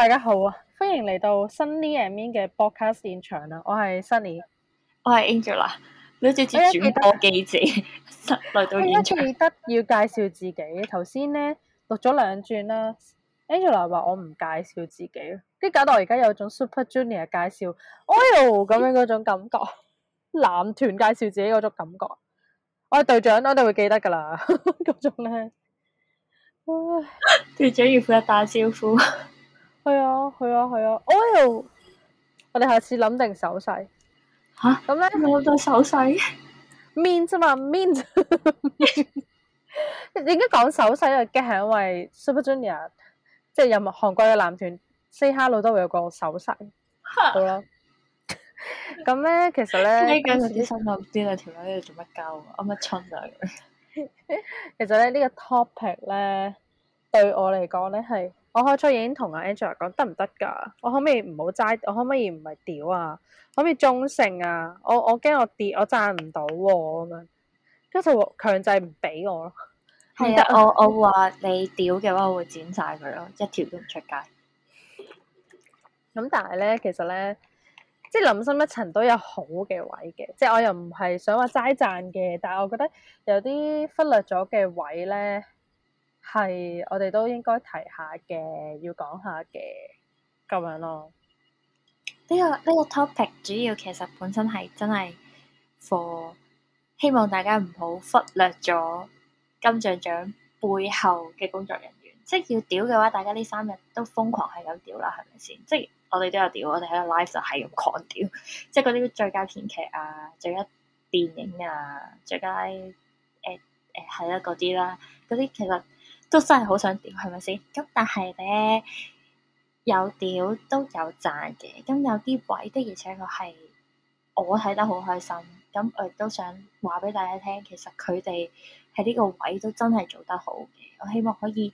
大家好啊！歡迎嚟到 Sunny a m i 嘅 p o d c 現場啊！我係 Sunny，我係 Angela，你直接轉播記者嚟 到。我依家記得要介紹自己，頭先咧錄咗兩轉啦。Angela 話我唔介紹自己，啲搞到我而家有種 Super Junior 介紹哎 h 咁樣嗰種感覺，男團介紹自己嗰種感覺。我係隊長，我哋會記得噶啦，嗰 種咧。 隊長要負責打招呼。係啊，係啊，係啊！Oil，啊哎、我哋下次諗定手勢。嚇哈？咁咧呢？我做手勢。面咋嘛？面。應該講手勢嘅嘅係因為 Super Junior，即係任何韓國嘅男團，Say Hello 都會有個手勢。嚇！好啦。咁咧，其實咧，啲新嘅啲啊，條女喺度做乜鳩啊？乜春啊？其實咧，呢、這個 topic 咧，對我嚟講咧係。我開初已經同阿 Angela 講得唔得㗎？我可唔可以唔好齋？我可唔可以唔係屌啊？可唔可以中性啊？我我驚我跌，我讚唔到喎咁樣。跟住就強制唔俾我咯。係啊，啊，我我話你屌嘅話，我會剪晒佢咯，一條都唔出街。咁但係咧，其實咧，即係諗深一層都有好嘅位嘅，即係我又唔係想話齋讚嘅，但係我覺得有啲忽略咗嘅位咧。係，我哋都應該提下嘅，要講下嘅咁樣咯。呢個呢個 topic 主要其實本身係真係 for 希望大家唔好忽略咗金像獎背後嘅工作人員。即係要屌嘅話，大家呢三日都瘋狂係咁屌啦，係咪先？即係我哋都有屌，我哋喺個 live 就係咁狂屌， 即係嗰啲最佳編劇啊、最佳電影啊、最佳誒誒係啦嗰啲啦，嗰啲其實。都真係好想屌，係咪先咁？但係咧有屌都有賺嘅，咁有啲位的，而且確係我睇得好開心。咁我都想話俾大家聽，其實佢哋喺呢個位都真係做得好嘅。我希望可以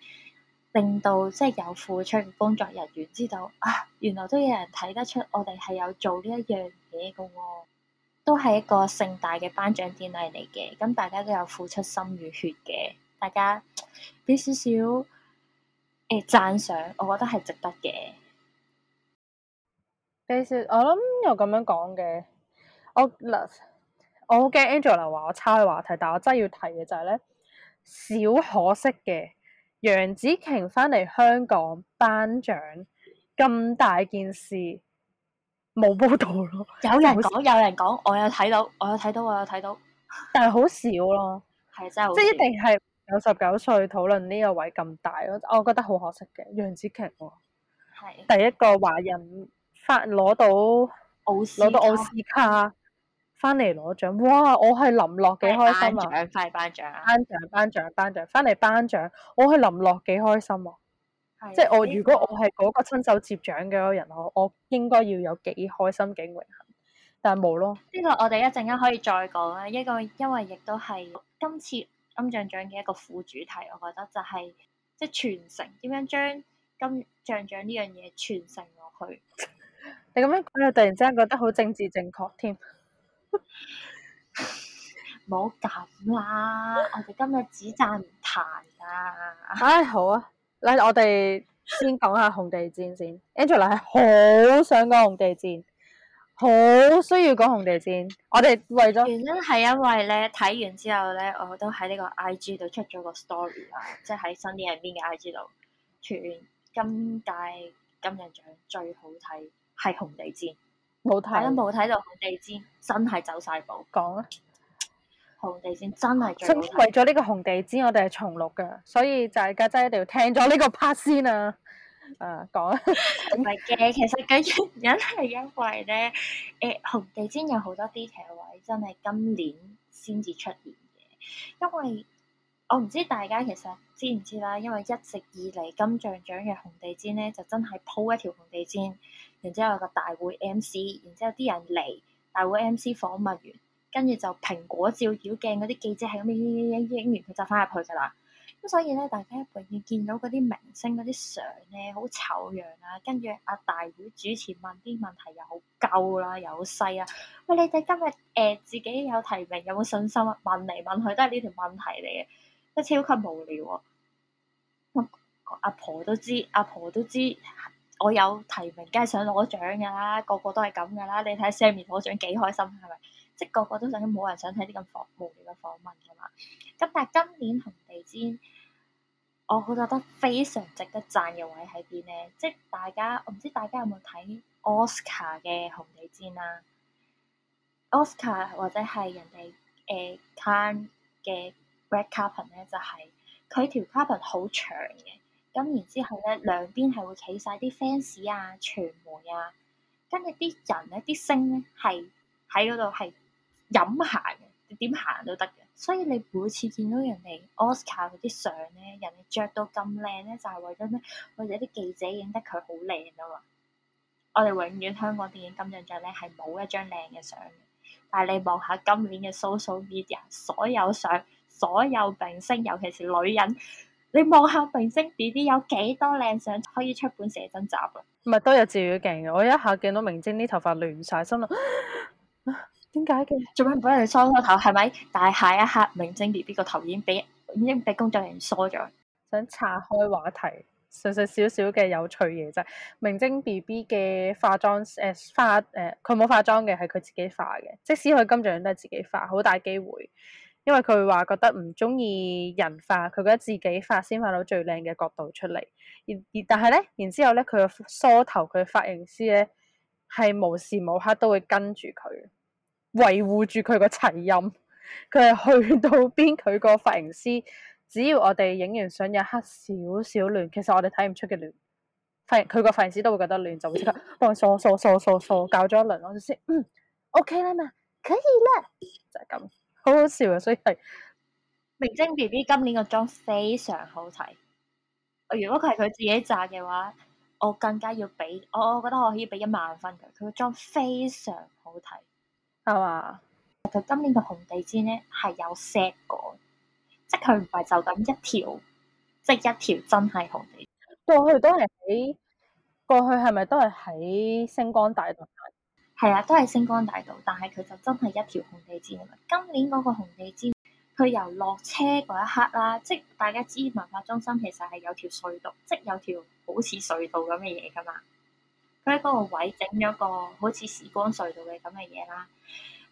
令到即係有付出嘅工作人員知道啊，原來都有人睇得出我哋係有做呢一樣嘢嘅喎。都係一個盛大嘅頒獎典禮嚟嘅，咁大家都有付出心與血嘅。大家俾少少誒讚賞，我覺得係值得嘅。其實我諗又咁樣講嘅，我嗱我好驚 Angela 話我抄佢話題，但我真係要提嘅就係、是、咧，少可惜嘅楊紫瓊翻嚟香港頒獎咁大件事冇報道咯。有人講 有人講，我有睇到我有睇到我有睇到，但係好少咯，係 真係即係一定係。 九十九歲討論呢個位咁大，我我覺得好可惜嘅。楊紫瓊喎、啊，係是第一個華人翻攞到奧斯卡，攞到奧斯卡翻嚟攞獎，哇！我係林樂幾開心啊！快頒獎！頒獎，頒獎，頒獎，翻嚟頒獎，我係林樂幾開心啊！的即係我如果我係嗰個親手接獎嘅個人，我我應該要有幾開心，幾榮幸。但係冇咯。呢個我哋一陣間可以再講啊！一個因為亦都係今次。金像獎嘅一個副主題，我覺得就係即係傳承，點樣將金像獎呢樣嘢傳承落去？你咁樣講，你突然之間覺得好政治正確添。冇咁啦，我哋今日只讚唔彈噶。唉、 哎，好啊，嚟我哋先講下紅地氈先。Angela 係好想講紅地氈。好需要講《紅地氈》，我哋為咗原因係因為咧，睇完之後咧，我都喺呢個 I G 度出咗個 story 啊， 即係喺新年入邊嘅 I G 度，全今屆金像獎最好睇係《紅地氈》，冇睇，冇睇到《紅地氈》，真係走晒步。講啦吧，《紅地氈》真係最為咗呢個《紅地氈》，我哋係重錄㗎，所以大家真係一定要聽咗呢個 part 先啊！啊，講唔係嘅， 其實嗰原因係因為咧，誒、呃，紅地氈有好多啲 detail 位真係今年先至出現嘅，因為我唔知大家其實知唔知啦，因為一直以嚟金像獎嘅紅地氈咧就真係鋪一條紅地氈，然之後有個大會 M C，然之後啲人嚟大會 M C 訪問完，跟住就蘋果照妖鏡嗰啲記者喺嗰邊影影影影影，佢就返入去㗎啦。咁所以咧，大家一定要見到嗰啲明星嗰啲相咧，好醜樣啊！跟住阿大會主持問啲問題又好舊啦，又好細啊。喂，你哋今日誒、呃、自己有提名有冇信心啊？問嚟問去都係呢條問題嚟嘅，都超級無聊啊！阿婆都知，阿婆都知，我有提名梗係想攞獎㗎啦，個個都係咁㗎啦。你睇 Sammy 攞獎幾開心，係咪？即係個個都想，冇人想睇啲咁放無聊嘅訪問㗎嘛。咁但係今年紅地氈。我覺得非常值得讚嘅位喺邊咧？即係大家，我唔知大家有冇睇 Oscar 嘅紅地毯啦、啊、，Oscar 或者係人哋誒 Can 嘅 Red Carpet 咧，就係、是、佢條 carpet 好長嘅，咁然之後咧兩邊係會企晒啲 fans 啊、傳媒啊，跟住啲人咧、啲星咧係喺嗰度係飲行嘅，你點行都得嘅。所以你每次見到人哋 Oscar 嗰啲相咧，人哋着到咁靚咧，就係、是、為咗咩、啊？我哋啲記者影得佢好靚啊嘛！我哋永遠香港電影金像獎咧係冇一張靚嘅相嘅，但係你望下今年嘅 social media 所有相，所有明星尤其是女人，你望下明星 B B 有幾多靚相可以出本寫真集啊？唔係都有照妖鏡嘅，我一下見到明星啲頭髮亂晒心諗。點解嘅？做咩唔俾人哋梳個頭係咪？但係下一刻，明晶 B B 個頭已經俾已經俾工作人員梳咗。想岔開話題，純粹少少嘅有趣嘢就係。明晶 B B 嘅化妝誒、呃、化誒，佢、呃、冇化妝嘅，係佢自己化嘅。即使佢金像都係自己化，好大機會，因為佢話覺得唔中意人化，佢覺得自己化先化到最靚嘅角度出嚟。而而但係咧，然之後咧，佢個梳頭，佢髮型師咧係無時無刻都會跟住佢。維護住佢個齊音，佢係去到邊佢個髮型師，只要我哋影完相有一刻少少亂，其實我哋睇唔出嘅亂，髮佢個髮型師都會覺得亂，就會即刻幫佢梳梳梳梳梳，搞咗一輪我就先嗯 OK 啦嘛，可以啦，就係咁，好好笑啊！所以係明晶 B B 今年個妝非常好睇。如果佢係佢自己紮嘅話，我更加要俾我，我覺得我可以俾一萬分佢，佢個妝非常好睇。係嘛？其實佢今年嘅紅地氈咧，係有 set 過，即係佢唔係就咁一條，即係一條真係紅地氈。過去都係喺過去係咪都係喺星光大道？係啊，都係星光大道，但係佢就真係一條紅地氈。今年嗰個紅地氈，佢由落車嗰一刻啦，即係大家知文化中心其實係有條隧道，即係有條好似隧道咁嘅嘢噶嘛。喺嗰個位整咗個好似時光隧道嘅咁嘅嘢啦。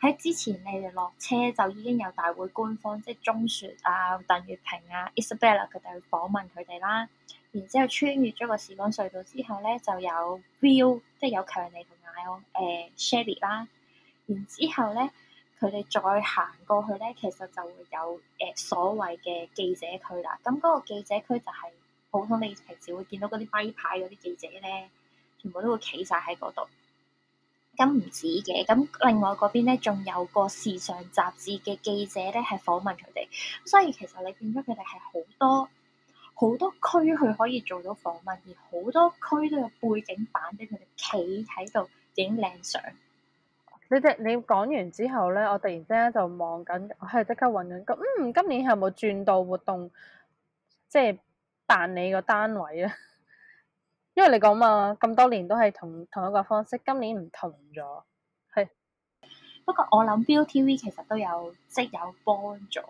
喺之前，你哋落車就已經有大會官方，即係鐘雪啊、鄧月平啊、Isabella 佢哋去訪問佢哋啦。然之後穿越咗個時光隧道之後咧，就有 Viu 即係有強尼同埋我、呃、誒 Sherry 啦。然之後咧，佢哋再行過去咧，其實就會有誒、呃、所謂嘅記者區啦。咁嗰個記者區就係、是、普通你平時會見到嗰啲低牌嗰啲記者咧。全部都會企晒喺嗰度，咁唔止嘅。咁另外嗰邊咧，仲有個時尚雜誌嘅記者咧，係訪問佢哋。所以其實你見咗佢哋係好多好多區，佢可以做到訪問，而好多區都有背景板俾佢哋企喺度影靚相。你哋你講完之後咧，我突然之間就望緊，我係即刻揾緊個，嗯，今年係冇轉到活動，即係辦理個單位咧。因為你講嘛，咁多年都係同同一個方式，今年唔同咗，係。不過我諗 ViuTV 其實都有即、就是、有幫助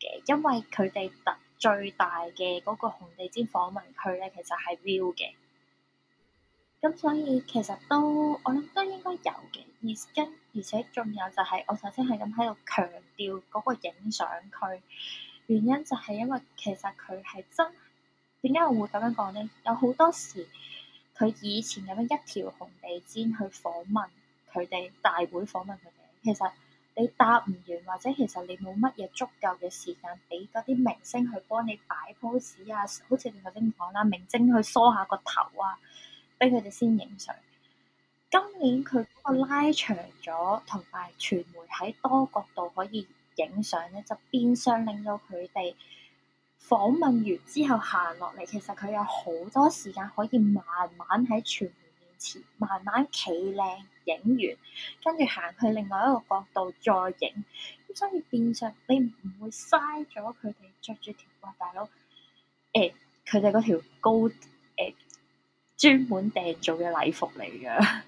嘅，因為佢哋特最大嘅嗰個紅地毯訪問區咧，其實係 Viu 嘅。咁所以其實都我諗都應該有嘅，而跟而且仲有就係、是、我頭先係咁喺度強調嗰個影相區，原因就係因為其實佢係真。點解我會咁樣講咧？有好多時，佢以前咁樣一條紅地毯去訪問佢哋，大會訪問佢哋，其實你答唔完，或者其實你冇乜嘢足夠嘅時間俾嗰啲明星去幫你擺 pose 啊，好似你頭先講啦，明星去梳下個頭啊，俾佢哋先影相。今年佢嗰個拉長咗，同埋傳媒喺多角度可以影相咧，就變相令到佢哋。訪問完之後行落嚟，其實佢有好多時間可以慢慢喺全面前慢慢企靚影完，跟住行去另外一個角度再影。咁所以變相你唔會嘥咗佢哋着住條骨大佬，誒佢哋嗰條高誒、欸、專門訂做嘅禮服嚟嘅。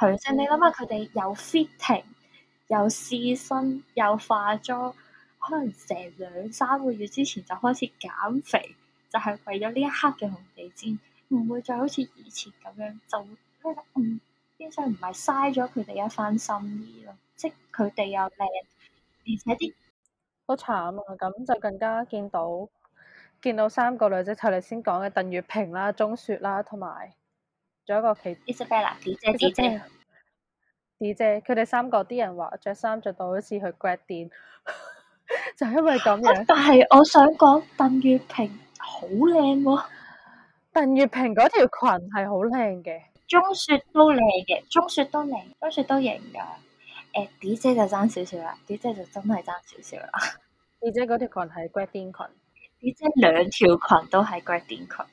強 盛，你諗下佢哋又 fitting，又試身，又化妝。可能成兩三個月之前就開始減肥，就係為咗呢一刻嘅紅地氈，唔會再好似以前咁樣，就覺得嗯，至少唔係嘥咗佢哋一番心意咯。即佢哋又靚，而且啲好慘啊！咁就更加見到見到三個女仔，頭先講嘅鄧月平啦、鐘雪啦，同埋仲有一個 Isabella，姐姐其啲咩男仔？啲咩姐？姐姐佢哋三個啲人話着衫着到好似去 gradi 就因為咁樣，啊、但係我想講鄧月平好靚喎，鄧月平嗰條裙係好靚嘅，鍾雪都靚嘅，鍾雪都靚，鍾雪都型噶。誒，D 姐就爭少少啦，D 姐就真係爭少少啦。D 姐嗰條裙係 grading 裙，D 姐兩條裙都係 grading 裙，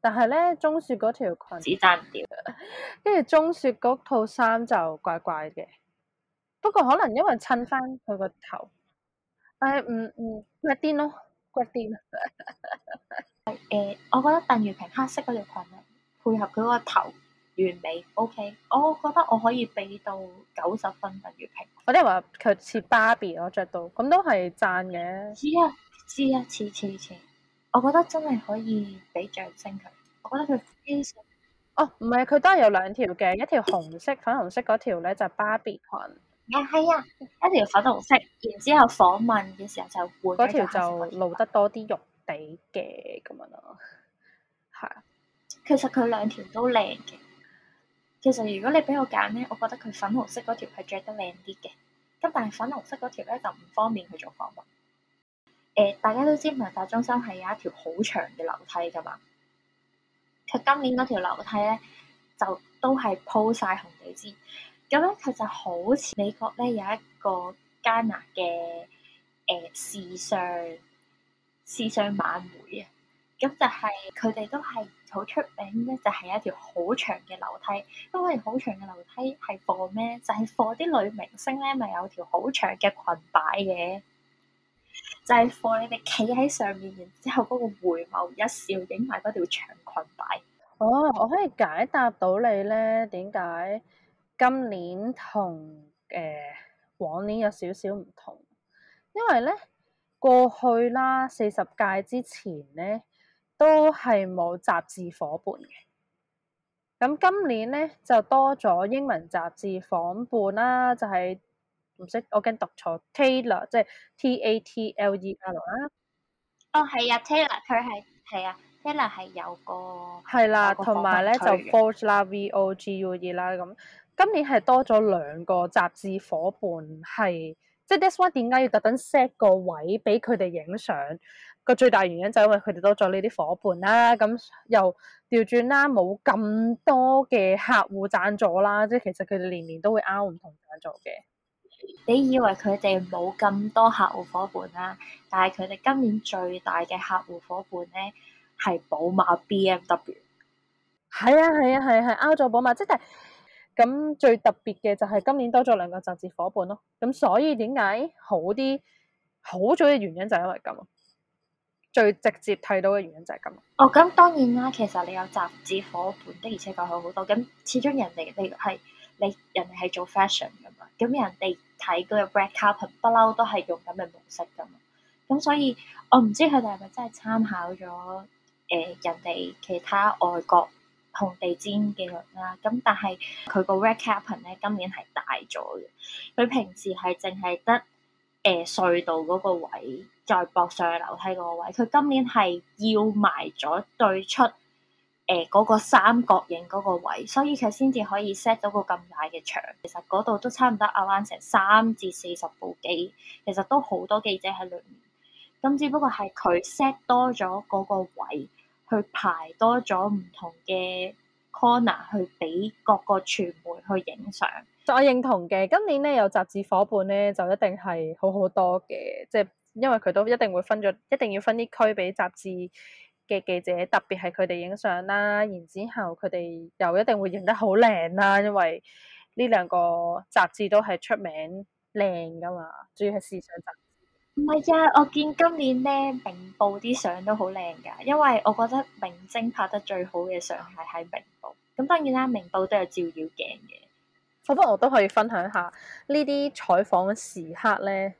但係咧鍾雪嗰條裙只爭唔掂，跟住鍾雪嗰套衫就怪怪嘅，不過可能因為襯翻佢個頭。誒，唔唔骨癲咯，骨癲。誒、 欸，我覺得鄧如平黑色嗰條裙配合佢嗰個頭完美，OK。我覺得我可以俾到九十分，鄧如平。我哋話佢似芭比，我着到，咁都係讚嘅。知啊，知啊，似似似。我覺得真係可以俾掌聲佢。我覺得佢非常。哦，唔係，佢都係有兩條嘅，一條紅色、粉紅色嗰條咧就芭比裙。啊，係啊，一條粉紅色，是然之後訪問嘅時候就嗰條就露得多啲肉地嘅咁樣咯，係啊。其實佢兩條都靚嘅，其實如果你俾我揀咧，我覺得佢粉紅色嗰條係着得靚啲嘅，咁但係粉紅色嗰條咧就唔方便去做訪問。誒、呃，大家都知文化中心係有一條好長嘅樓梯噶嘛，佢今年嗰條樓梯咧就都係鋪晒紅地氈。咁咧，佢就好似美國咧有一個加拿大嘅誒時尚時尚晚會啊。咁、呃、就係佢哋都係好出名咧，就係有一條好長嘅樓梯，因為好長嘅樓梯係放咩？就係放啲女明星咧，咪有條好長嘅裙擺嘅，就係、是、放你哋企喺上面，然之後嗰個回眸一笑，影埋嗰條長裙擺。哦，我可以解答到你咧，點解？今年同誒、呃、往年有少少唔同，因為咧過去啦四十屆之前咧都係冇雜誌夥伴嘅，咁、嗯、今年咧就多咗英文雜誌夥伴啦，就係唔識我驚讀錯 Taylor，即係 T A T L E R 啦。哦，係啊，Taylor 佢係係啊，Taylor 係有個。係啦，同埋咧就 Forge 啦，V O G U E 啦咁。今年係多咗兩個雜誌伙伴，係即係 This One。點解要特登 set 個位俾佢哋影相？個最大原因就係因為佢哋多咗呢啲伙伴啦。咁又調轉啦，冇咁多嘅客戶贊助啦，即係其實佢哋年年都會 out 唔同贊助嘅。你以為佢哋冇咁多客戶伙伴啦，但係佢哋今年最大嘅客戶伙伴咧係寶馬 B M W。係啊，係啊，係係 out 咗寶馬，即係。咁最特別嘅就係今年多咗兩個雜誌伙伴咯，咁所以點解好啲好咗嘅原因就係因為咁，最直接睇到嘅原因就係咁。哦，咁當然啦，其實你有雜誌伙伴的，而且確好好多。咁始終人哋你係你人哋係做 fashion 噶嘛，咁人哋睇嗰個 brand cover 不嬲都係用咁嘅模式噶嘛。咁所以我唔知佢哋係咪真係參考咗誒、呃、人哋其他外國。紅地氈嘅輪啦，咁但係佢個 red carpet 咧，今年係大咗嘅。佢平時係淨係得誒隧道嗰個位，再駁上樓梯嗰個位，佢今年係要埋咗對出誒嗰、呃嗰個三角形嗰個位，所以佢先至可以 set 到個咁大嘅場。其實嗰度都差唔多，阿 van 成三至四十部機，其實都好多記者喺裏面。咁只不過係佢 set 多咗嗰個位。去排多咗唔同嘅 corner 去俾各個傳媒去影相，我認同嘅。今年咧有雜誌伙伴咧就一定係好好多嘅，即係因為佢都一定會分咗，一定要分啲區俾雜誌嘅記者，特別係佢哋影相啦。然之後佢哋又一定會影得好靚啦，因為呢兩個雜誌都係出名靚噶嘛，主要係時尚雜。唔係啊，我見今年咧明報啲相都好靚噶，因為我覺得明星拍得最好嘅相係喺明報。咁當然啦，明報都有照妖鏡嘅。不過、啊，我都可以分享下呢啲採訪嘅時刻咧。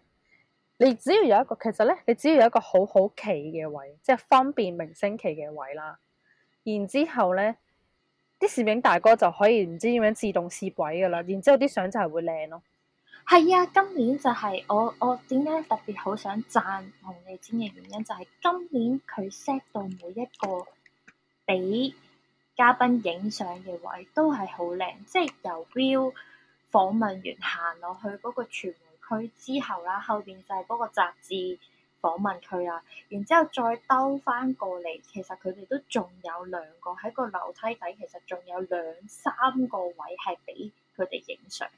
你只要有一個，其實咧，你只要有一個好好企嘅位，即係方便明星企嘅位啦。然之後咧，啲攝影大哥就可以唔知點樣自動攝位噶啦。然之後啲相就係會靚咯。係啊，今年就係、是、我我點解特別想讚好想贊紅地氈嘅原因，就係、是、今年佢 set 到每一個俾嘉賓影相嘅位都係好靚，即係由 view 訪問完行落去嗰個傳媒區之後啦，後邊就係嗰個雜誌訪問區啊，然之後再兜翻過嚟，其實佢哋都仲有兩個喺個樓梯底，其實仲有兩三個位係俾佢哋影相。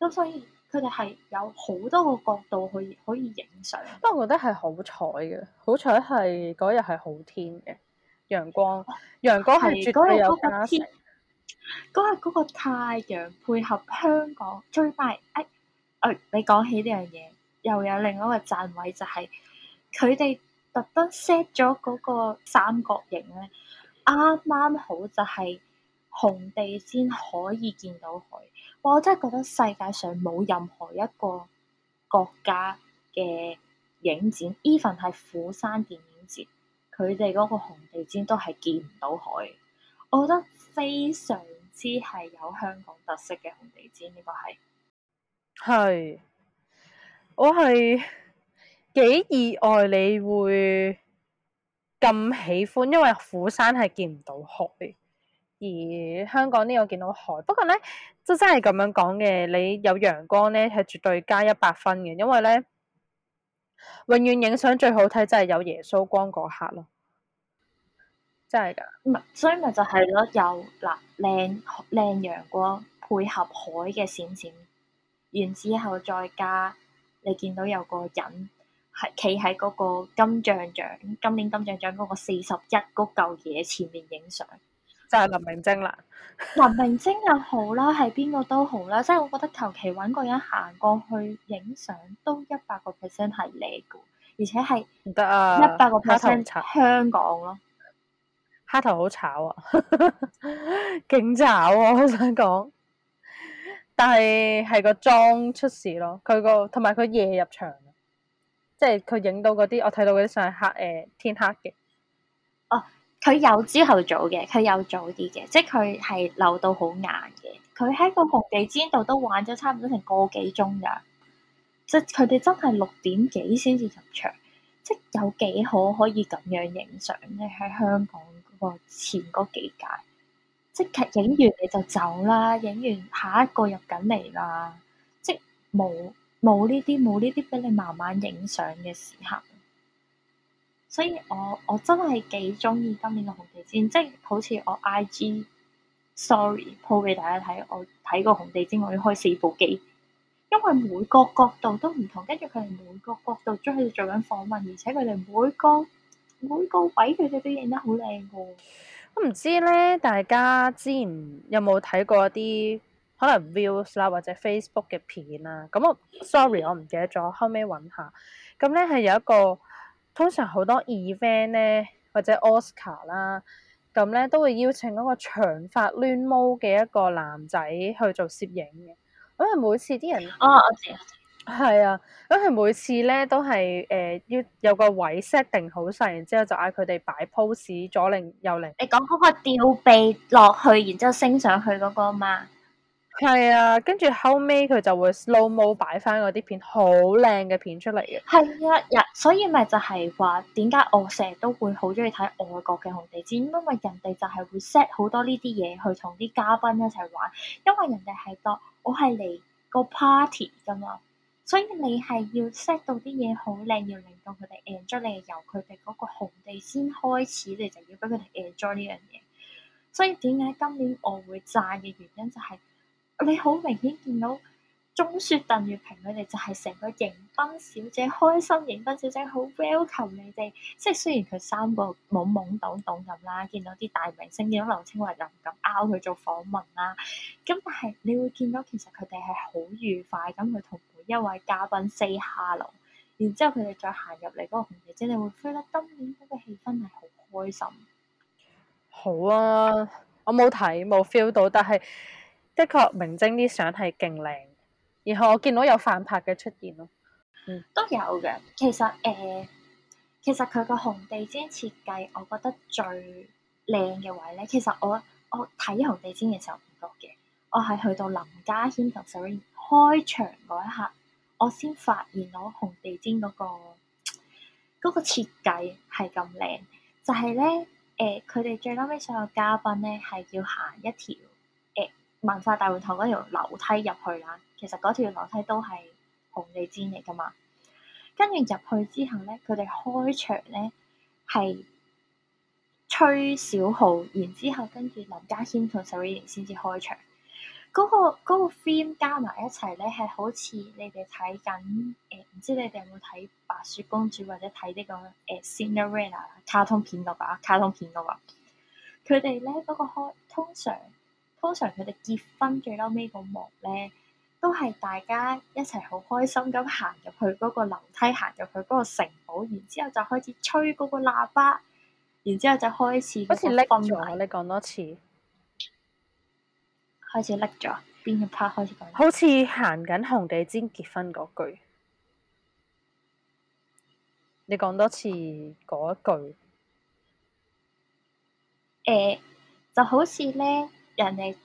咁所以佢哋係有好多個角度可以可以影相。不過我覺得係好彩嘅，好彩係嗰日係好天嘅陽光，陽光係絕對有加持。嗰日嗰個天，嗰日嗰個太陽配合香港最快誒誒，你講起呢樣嘢，又有另外一個站位就係佢哋特登 set 咗嗰個三角形咧，啱啱好就係紅地先可以見到佢。我真係覺得世界上冇任何一個國家嘅影展，even 係釜山電影節，佢哋嗰個紅地毯都係見唔到海。我覺得非常之係有香港特色嘅紅地毯，呢個係。係，我係幾意外你會咁喜歡，因為釜山係見唔到海。而香港呢，我見到海。不過咧，即真係咁樣講嘅，你有陽光咧，係絕對加一百分嘅。因為咧，永遠影相最好睇，就係有耶穌光嗰刻咯，真係噶。唔係，所以咪就係咯，有嗱靚靚陽光配合海嘅閃閃，完之後再加你見到有個人係企喺嗰個金像獎，今年金像獎嗰個四十一嗰嚿嘢前面影相。就係林明晶啦，林明晶又好啦，係邊個都好啦，即係我覺得求其揾個人行過去影相，都一百個 percent 係你嘅，而且係唔得啊！一百個 percent 香港咯，蝦頭好炒啊，勁 炒啊！我想講，但係係個妝出事咯，佢個同埋佢夜入場，即係佢影到嗰啲，我睇到嗰啲相係黑誒、呃、天黑嘅。佢有朝頭早嘅，佢有早啲嘅，即係佢係留到好晏嘅。佢喺個紅地氈度都玩咗差唔多成個幾鐘㗎，即係佢哋真係六點幾先至入場，即係有幾可可以咁樣影相咧？喺香港嗰個前嗰幾屆，即係影完你就走啦，影完下一個入緊嚟啦，即係冇冇呢啲冇呢啲俾你慢慢影相嘅時候。所以我我真係幾中意今年嘅紅地氈，即係好似我 I G sorry 鋪俾大家睇，我睇過紅地氈我要開四部機，因為每個角度都唔同，跟住佢哋每個角度都喺度做緊訪問，而且佢哋每個每個位佢哋都影得好靚噶喎。我唔知咧，大家之前有冇睇過一啲可能 views 啦或者 Facebook 嘅片啊？咁我 sorry 我唔記得咗，後尾揾下，咁咧係有一個。通常好多 event 咧或者 Oscar 啦，咁咧都會邀請嗰個長髮攣毛嘅一個男仔去做攝影嘅。咁佢每次啲人，哦，我知，係啊，咁佢每次咧都係誒、呃、要有個位 set 定好晒，然之後就嗌佢哋擺 pose 左擰右擰。你講嗰個吊臂落去，然之後升上去嗰個嘛？係啊，跟住後尾佢就會 slow mo 擺翻嗰啲片，好靚嘅片出嚟嘅。係啊，日、啊、所以咪就係話點解我成日都會好中意睇外國嘅紅地氈，因為人哋就係會 set 好多呢啲嘢去同啲嘉賓一齊玩，因為人哋係個我係嚟個 party 㗎嘛，所以你係要 set 到啲嘢好靚，要令到佢哋 enjoy，由佢哋嗰個紅地先開始，你就要俾佢哋 enjoy 呢樣嘢。所以點解今年我會讚嘅原因就係、是。你好明顯見到鍾雪、鄧月平佢哋就係成個迎賓小姐，開心迎賓小姐好 welcome 你哋。即係雖然佢三個懵懵懂懂咁啦，見到啲大明星，見到劉青雲就唔敢拗佢做訪問啦。咁但係你會見到其實佢哋係好愉快咁，去同每一位嘉賓 say hello，然之後佢哋再行入嚟嗰個紅毯，你係會 feel 得今年嗰個氣氛係好開心。好啊，我冇睇冇 feel 到，但係。的確明星啲相係勁靚，然後我見到有反拍嘅出現咯，嗯，都有嘅。其實誒、呃、其實佢個紅地氈設計我覺得最靚嘅位咧，其實我我睇紅地氈嘅時候唔覺嘅，我係去到林家謙同 Siri 開場一刻，我先發現到紅地氈、嗰個、嗰個設計係咁靚，就係咧誒佢哋最撚尾所有嘉賓咧，係要行一條文化大會堂嗰條樓梯入去啦，其實嗰條樓梯都係紅地氈嚟噶嘛。跟住入去之後咧，佢哋開場咧係吹小號，然之後跟住林家謙同 Siri 先至開場。嗰、那個嗰、那個 film 加埋一齊咧，係好似你哋睇緊誒，唔、呃、知你哋有冇睇白雪公主或者睇啲、這、咁、個、誒、呃、Cinderella 卡通片嗰個卡通片嗰、那個。佢哋咧嗰個開通常。通常佢哋結婚最嬲尾個幕咧，都係大家一齊好開心咁行入去嗰個樓梯，行入去嗰個城堡，然之後就開始吹嗰個喇叭，然之後就開始。好似甩咗，你講多次。開始甩咗，邊個 part 開始？好似行緊紅地毯結婚嗰句，你講多次嗰句。誒，就好似咧。人哋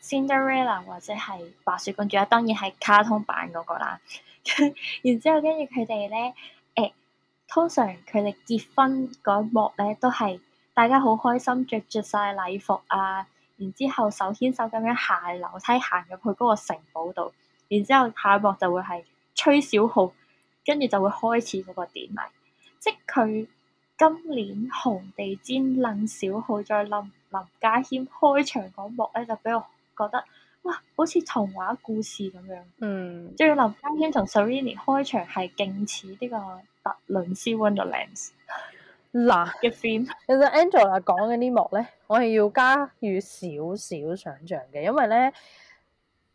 Cinderella 或者係白雪公主咧，當然係卡通版嗰個啦。 然之後跟住佢哋咧，誒通常佢哋結婚嗰一幕咧都係大家好開心，着着晒禮服啊，然之後手牽手咁樣行樓梯，行入去嗰個城堡度。然之後下一幕就會係吹小號，跟住就會開始嗰個典禮，即係佢今年紅地氈楞小號再冧。林家謙開場嗰幕咧，就俾我覺得哇，好似童話故事咁樣。嗯，即係林家謙同 Serrini 開場係勁似呢個《特倫斯 Wonderlands》嗱嘅 f i n 片。其實 Angela 講嘅呢幕咧，我係要加少少想象嘅，因為咧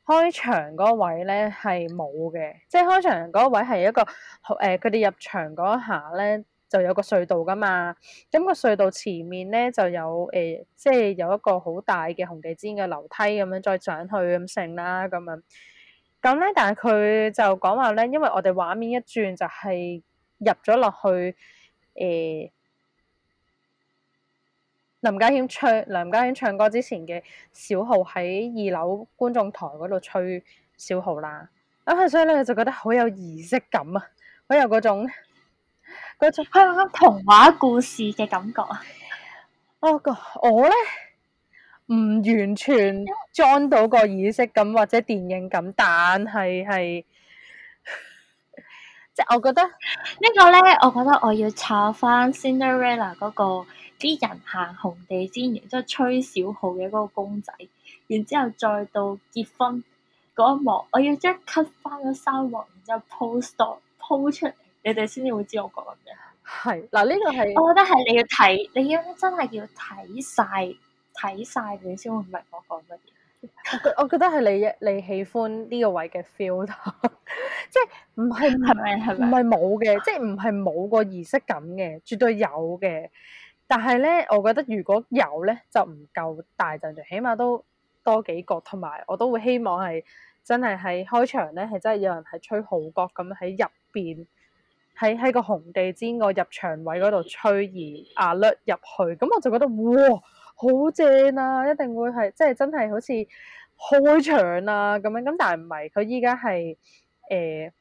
開場嗰位咧係冇嘅，即係開場嗰位係一個誒，佢、呃、哋入場嗰下咧。就有個隧道噶嘛，咁、那個隧道前面咧就有誒、呃，即係有一個好大嘅紅地氈嘅樓梯咁樣再上去咁成啦咁樣。咁咧，但係佢就講話咧，因為我哋畫面一轉就係入咗落去誒、呃，林家謙唱梁家謙唱歌之前嘅小號喺二樓觀眾台嗰度吹小號啦。咁佢所以咧佢就覺得好有儀式感啊，好有嗰種。嗰種係嗰種童話故事嘅感覺啊！Oh God, 我個我咧唔完全裝到個意識咁或者電影咁，但係係 即係我覺得個呢個咧，我覺得我要炒翻 Cinderella 嗰個啲人行紅地毯，然之後吹小號嘅嗰個公仔，然之後再到結婚嗰一幕，我要即刻 cut 翻嗰三幕，然之後 post 到 post 出。你哋先至會知我講緊咩？係嗱，呢個係我覺得係你要睇，你要真係要睇晒，睇晒嘅先會明白我講乜嘢。 我覺得係你你喜歡呢個位嘅 feel， 即係唔係唔係唔係冇嘅，即係唔係冇個儀式感嘅，絕對有嘅。但係咧，我覺得如果有咧，就唔夠大陣仗，起碼都多幾個。同埋我都會希望係真係喺開場咧，係真係有人係吹號角咁喺入邊。喺喺個紅地氈個入場位嗰度吹而壓略入去，咁我就覺得哇好正啊！一定會係即係真係好似開場啊咁樣，咁但係唔係佢依家係誒，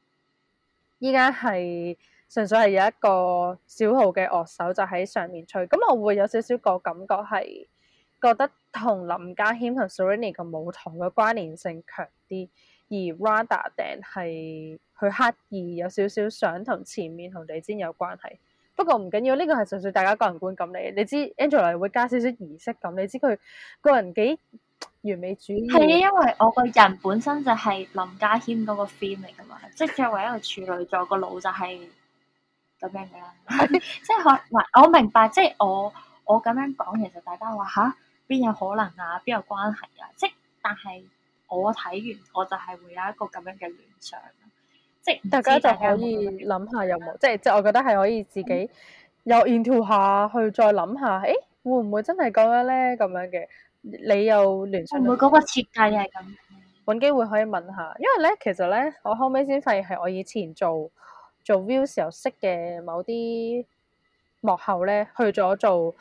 依家係純粹係有一個小號嘅樂手就喺上面吹，咁我會有少少個感覺係覺得同林家謙同 Serrini 個舞台嘅關聯性強啲。而 Rada 定係佢刻意有少少想同前面同地氈有關係，不過唔緊要，呢個係純粹大家個人觀感嚟。你知 Angela 會加少少儀式感，你知佢個人幾完美主義。係啊，因為我個人本身就係林家謙嗰個 feel 嚟噶嘛，即係作為一個處女座個腦就係咁樣噶啦， 即係可嗱我明白，即係我我咁樣講，其實大家話吓邊有可能啊，邊有關係啊，即係但係。我睇完我就係會有一個咁樣嘅聯想，即係大，大家就可以諗下有冇，即係 即係我覺得係可以自己有延續下去，再諗下，誒、欸、會唔會真係咁樣咧？咁樣嘅你又聯想？會唔會嗰個設計係咁，揾機會可以問下，因為咧其實咧，我後尾先發現係我以前做做 view 時候識嘅某啲幕後咧，去咗做。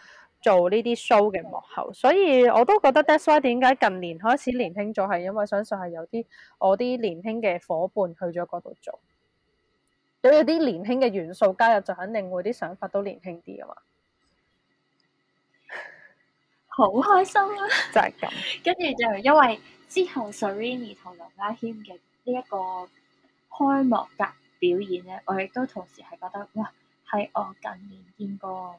做呢啲 show 嘅幕後，所以我都覺得 that's why 點解近年開始年輕咗，係因為相信係有啲我啲年輕嘅伙伴去咗嗰度做，咁有啲年輕嘅元素加入，就肯定會啲想法都年輕啲啊嘛。好開心啊！ 就係咁，跟住 就因為之後 Serrini 同林家謙嘅呢一個開幕格表演咧，我亦都同時係覺得哇，係我近年見過。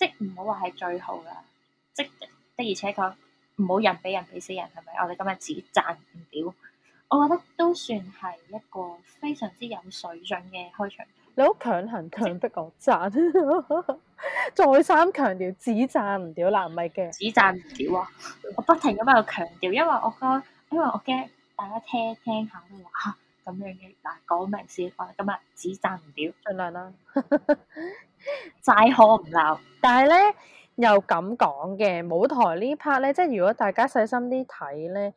即唔好話係最好啦，即的而且確唔好人俾人俾死人係咪？我哋今日只讚唔屌？我覺得都算係一個非常之有水準嘅開場。你好強行強逼我讚， 再三強調只讚唔屌」啦，唔係嘅只讚唔屌」啊！我不停咁喺度強調，因為我覺得，因為我驚大家聽聽下都話。咁樣嘅嗱，講明先。我今日只讚唔鬧，盡量啦，齋看唔鬧。但係咧，又咁講嘅舞台呢 part 咧，即係如果大家細心啲睇咧，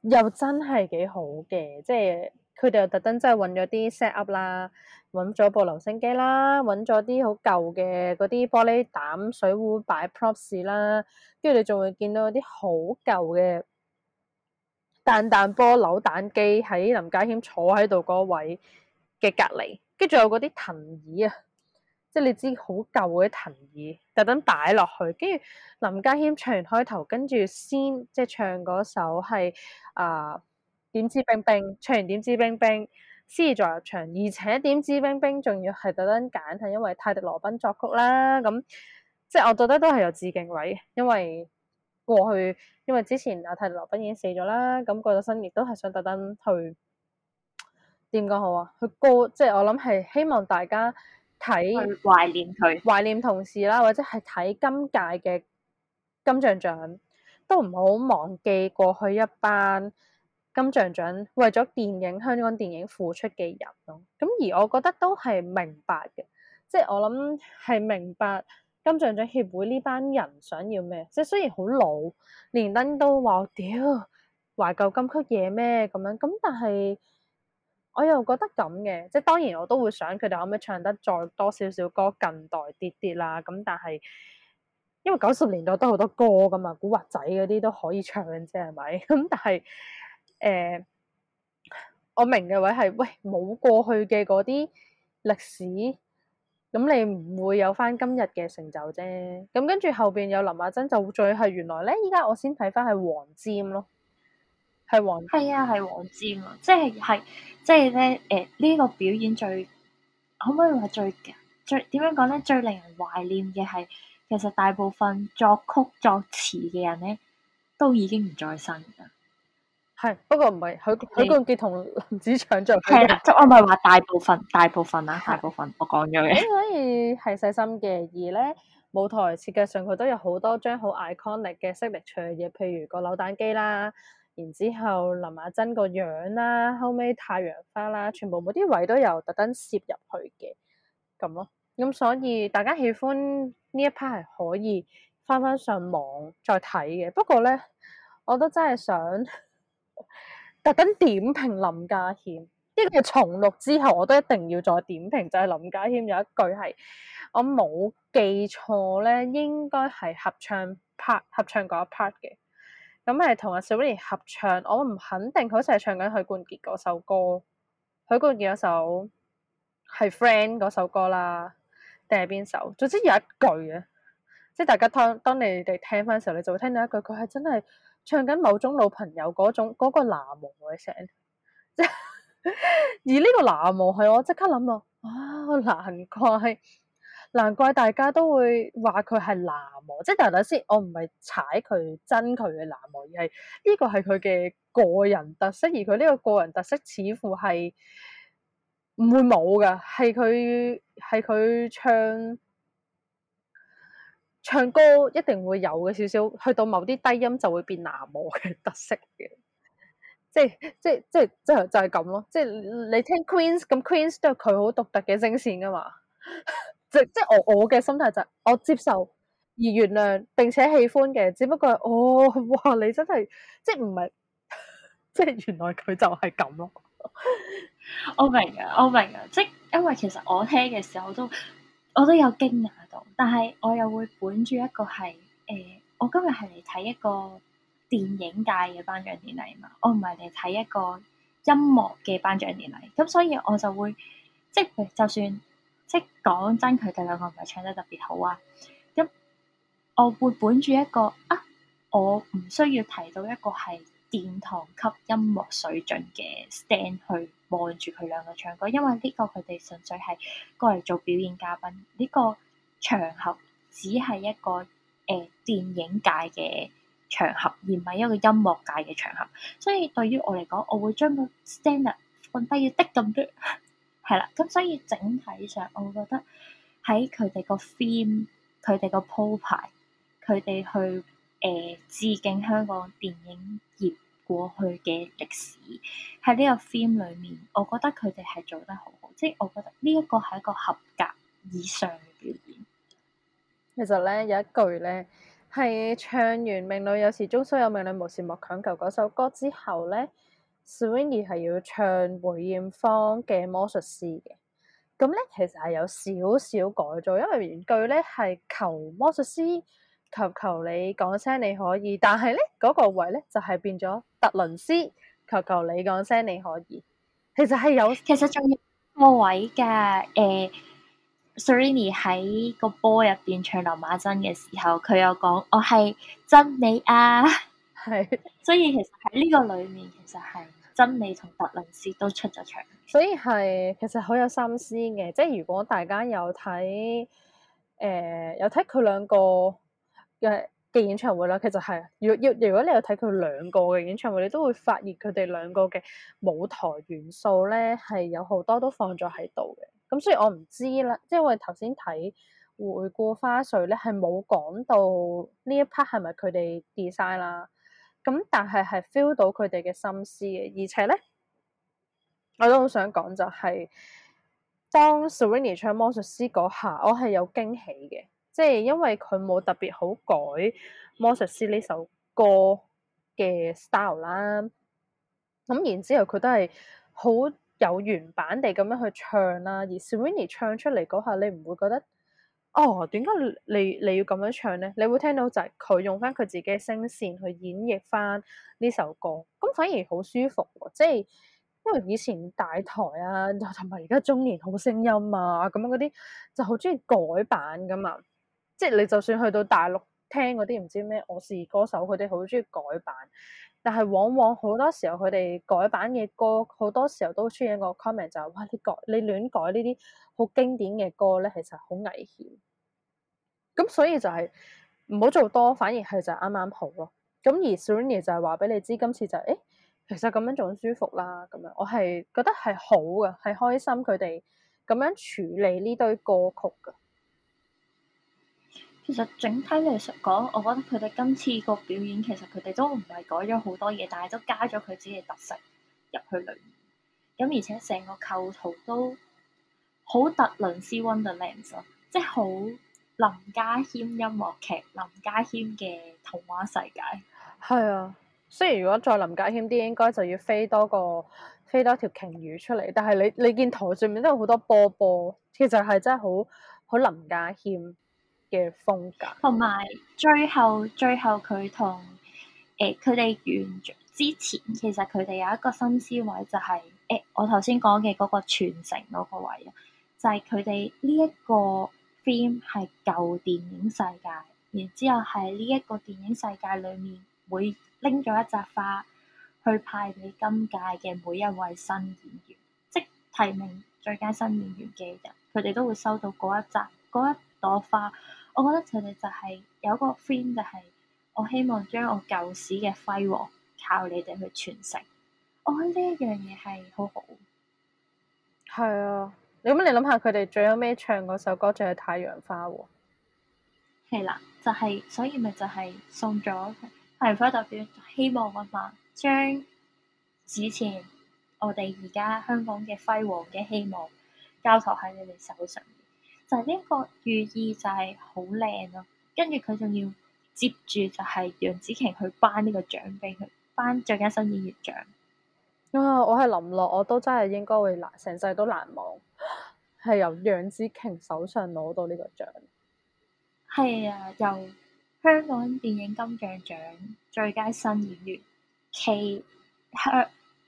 又真係幾好嘅。即係佢哋又特登真係揾咗啲 set up 啦，揾咗部留聲機啦，揾咗啲好舊嘅嗰啲玻璃膽水壺擺 props 啦，跟住你仲會見到啲好舊嘅。彈彈波扭蛋機喺林家謙坐喺度嗰位嘅隔離，跟住有嗰啲藤椅啊，即係你知好舊嘅藤椅，特登擺落去。跟住林家謙唱完開頭，跟住先即係唱嗰首係啊、呃、點知冰冰，唱完點知冰冰，先再入場。而且點知冰冰仲要係特登揀係因為泰迪羅賓作曲啦，咁即係我覺得都係有致敬位，因為。過去，因為之前阿提羅賓已經死咗啦，咁過咗身，亦都係想特登去點講好啊？去高，即係我諗係希望大家睇去懷念佢，懷念同事啦，或者係睇今屆嘅金像獎，都唔好忘記過去一班金像獎為咗電影香港電影付出嘅人咯。咁而我覺得都係明白嘅，即係我諗係明白。金像獎協會呢班人想要咩？即係雖然好老，連登都話，屌懷舊金曲嘢，咩咁樣咁。但係我又覺得咁嘅，即係當然我都會想佢哋可唔可以唱得再多少少歌近代啲啲啦。咁但係因為九十年代都好多歌噶嘛，古惑仔嗰啲都可以唱啫，係咪？咁但係誒、呃，我明嘅位係喂，冇過去嘅嗰啲歷史。咁你唔會有翻今日嘅成就啫。咁跟住後邊有林亞珍就最係原來咧，依家我先睇翻係黃霑咯，係黃係啊，係黃霑啊，即係係即係咧誒呢、呃這個表演最可唔可以話最最點樣講咧？最令人懷念嘅係，其實大部分作曲作詞嘅人咧都已經唔再生啦。係，不過唔係許，許冠傑同林子祥做。聽、嗯，即我唔係話大部分，大部分啊，大部分我講咗嘅。咁所以係細心嘅，而咧，舞台設計上佢都有好多張好 iconic 嘅色力場嘅嘢，譬如個扭蛋機啦，然之後林亞珍個樣啦，後尾太陽花啦，全部每啲位都有特登攝入去嘅咁咯。咁所以大家喜歡呢一 part 係可以翻翻上網再睇嘅。不過咧，我都真係想。特登點評林家謙呢個重錄之後，我都一定要再點評就係、是、林家謙有一句係我冇記錯咧，應該係合唱 part 合唱嗰 part 嘅，咁係同阿小 Benny 合唱，我唔肯定，好似係唱緊許冠傑嗰首歌，許冠傑嗰首係 Friend 嗰首歌啦，定係邊首？總之有一句嘅，即係大家當當你哋聽翻嘅時候，你就會聽到一句，佢係真係。唱緊某種老朋友嗰種嗰、嗰個男模嘅聲，即 係而呢個男模係我即刻諗落，啊難怪難怪大家都會話佢係男模，即係等等先，我唔係踩佢、憎佢嘅男模，而係呢個係佢嘅個人特色，而佢呢個個人特色似乎係唔會冇噶，係佢係佢唱。唱歌一定會有嘅少少，去到某啲低音就會變難磨嘅特色嘅，即係即係即係就就係咁咯。即係、就是就是、你聽 Queen 咁 Queen 都係佢好獨特嘅聲線噶嘛？即即我我嘅心態就係我接受而原諒並且喜歡嘅，只不過哦哇你真係即唔係即原來佢就係咁咯。我明啊，我明啊，即因為其實我聽嘅時候都。我都有驚訝到，但係我又會本住一個係誒、呃、我今日係嚟睇一個電影界嘅頒獎典禮嘛，我唔係嚟睇一個音樂嘅頒獎典禮，咁所以我就會即係就算即係講真，佢哋兩個唔係唱得特別好啊，咁我會本住一個啊，我唔需要提到一個係殿堂級音樂水準嘅 stand 去。望住佢兩個唱歌，因為呢個佢哋純粹係過嚟做表演嘉賓，呢、這個場合只係一個誒、呃、電影界嘅場合，而唔係一個音樂界嘅場合，所以對於我嚟講我會將個 standard 放低要啲咁多，係 啦。咁所以整體上，我覺得喺佢哋個 theme，佢哋個鋪排、佢哋去誒、呃、致敬香港電影業，過去嘅歷史喺呢個 film 裏面，我覺得佢哋係做得好好，即係我覺得呢一個係一個合格以上嘅表演。其實咧有一句咧係唱完命裏有時終須有，命裏無時莫強求嗰首歌之後咧 Serrini 係要唱梅艷芳嘅《魔術師》嘅，咁咧其實係有少少改做，因為原句咧係求魔術師。求求你講聲你可以，但係咧嗰個位咧就係、是、變咗特倫斯。求求你講聲你可以。其實係有，其實仲有個位㗎。誒，Serrini 喺個波入邊唱流馬真嘅時候，佢又講我係真美啊。係是。所以其實喺呢個裏面，其實係真美同特倫斯都出咗場。所以係其實好有心思嘅。即係如果大家有睇，誒、呃、有睇佢兩個。嘅嘅演唱會啦，其實係要要，如果你有睇佢兩個嘅演唱會，你都會發現佢哋兩個嘅舞台元素咧係有好多都放咗喺度嘅。咁所以我唔知啦，即係我哋頭先睇回顧花絮咧係冇講到呢一 part 係咪佢哋 design 啦。咁但係係 feel 到佢哋嘅心思嘅，而且咧我都好想講就係當 Serrini 唱魔術師嗰下，我係有驚喜嘅。即係因為佢冇特別好改魔術師呢首歌嘅 style 啦，咁然之後佢都係好有原版地咁樣去唱啦，啊。而 Serrini 唱出嚟嗰下，你唔會覺得哦？點解你你要咁樣唱咧？你會聽到就係佢用翻佢自己嘅聲線去演繹翻呢首歌，咁反而好舒服，啊。即係因為以前大台啊，同埋而家中年好聲音啊，咁樣嗰啲就好中意改版噶嘛。即係你就算去到大陸聽嗰啲唔知咩我是歌手，佢哋好中意改版，但係往往好多時候佢哋改版嘅歌，好多時候都出現一個 comment 就係、是、哇，你改你亂改呢啲好經典嘅歌咧，其實好危險。咁所以就係唔好做多，反而係就啱啱好咯。咁而 Selina 就係話俾你知，今次就誒、是欸、其實咁樣仲舒服啦。咁樣我係覺得係好噶，係開心佢哋咁樣處理呢堆歌曲噶。其實整體嚟講，我覺得佢哋今次個表演其實佢哋都唔係改咗好多嘢，但係都加咗佢自己嘅特色入去裏面。咁而且成個構圖都好特倫斯 Wonderland，即係好林家謙音樂劇林家謙嘅童話世界。係啊，雖然如果再林家謙啲，應該就要飛多個飛多條鯨魚出嚟。但係你你見台上面都有好多波波，其實係真係好好林家謙。嘅風格，同埋最後最後佢同誒佢哋完之前，其實佢哋有一個心思位就係、是、誒、欸、我頭先講嘅嗰個傳承嗰個位啊，就係佢哋呢一個 film 係舊電影世界，然之後喺呢一個電影世界裡面，會拎咗一扎花去派俾今屆嘅每一位新演員，即提名最佳新演員嘅人，佢哋都會收到嗰一紮嗰一朵花。我覺得佢哋就係、是、有個 theme 就係、是、我希望將我舊時嘅輝煌靠你哋去傳承，我覺得呢一樣嘢係好好。係啊，你咁你諗下，佢哋最有咩唱嗰首歌？就係、是《太陽花》喎。係啦、啊，就係、是、所以咪就係送咗《太陽花》代表希望啊嘛，將之前我哋而家香港嘅輝煌嘅希望交託喺你哋手上。就呢個寓意就係好靚咯，跟住佢仲要接住就係楊紫瓊去頒呢個獎俾佢，頒最佳新演員獎。啊！我係諗落，我都真係應該會難，成世都難忘，係由楊紫瓊手上攞到呢個獎。係啊，由香港電影金像獎最佳新演員，暨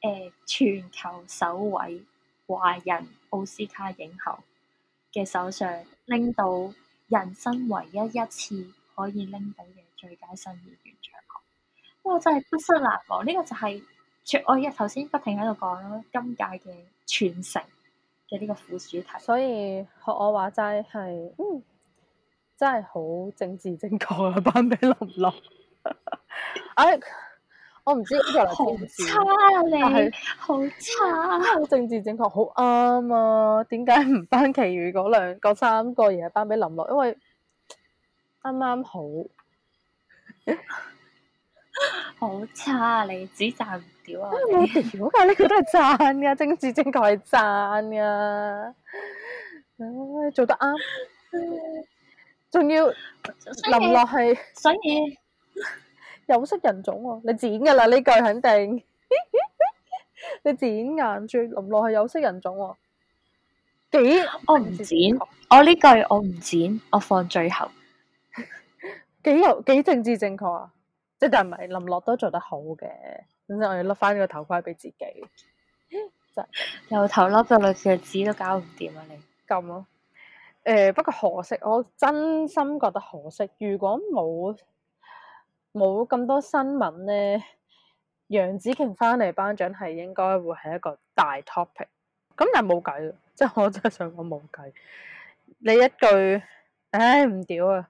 誒全球首位華人奧斯卡影后。嘅手上拎到人生唯一一次可以拎到嘅最佳新演員獎項，哇，真係畢生難忘。呢、這個就係我日頭先不停喺度講咯，今屆嘅傳承嘅呢個副主題，所以學我話齋係，嗯、真係好政治正確啊，頒畀林林。 I 我唔知，好差、啊、你，是好差、啊。政治正確好啱啊，點解唔頒其餘嗰兩、嗰三個而係頒俾林樂？因為啱啱好， 好差你指責，唔屌啊！冇屌噶，呢個都係讚噶，政治正確係讚噶， 做得啱、啊，仲要林樂係，所以。有色人種喎，哦，你剪噶啦，呢句肯定， 你剪眼住林諾係有色人種喎，哦，幾我唔剪，我呢句我唔剪，我放最後，幾 有幾政治正確啊？即係唔係林諾都做得好嘅，總之我要甩翻呢個頭盔俾自己， 由頭笠到落腳趾都搞唔掂啊！你咁咯，誒、啊呃，不過可惜，我真心覺得可惜，如果冇。冇咁多新聞咧，楊紫瓊翻嚟頒獎係應該會係一個大 topic。咁但係冇計，即係我真係想講冇計。你一句，唉唔屌啊，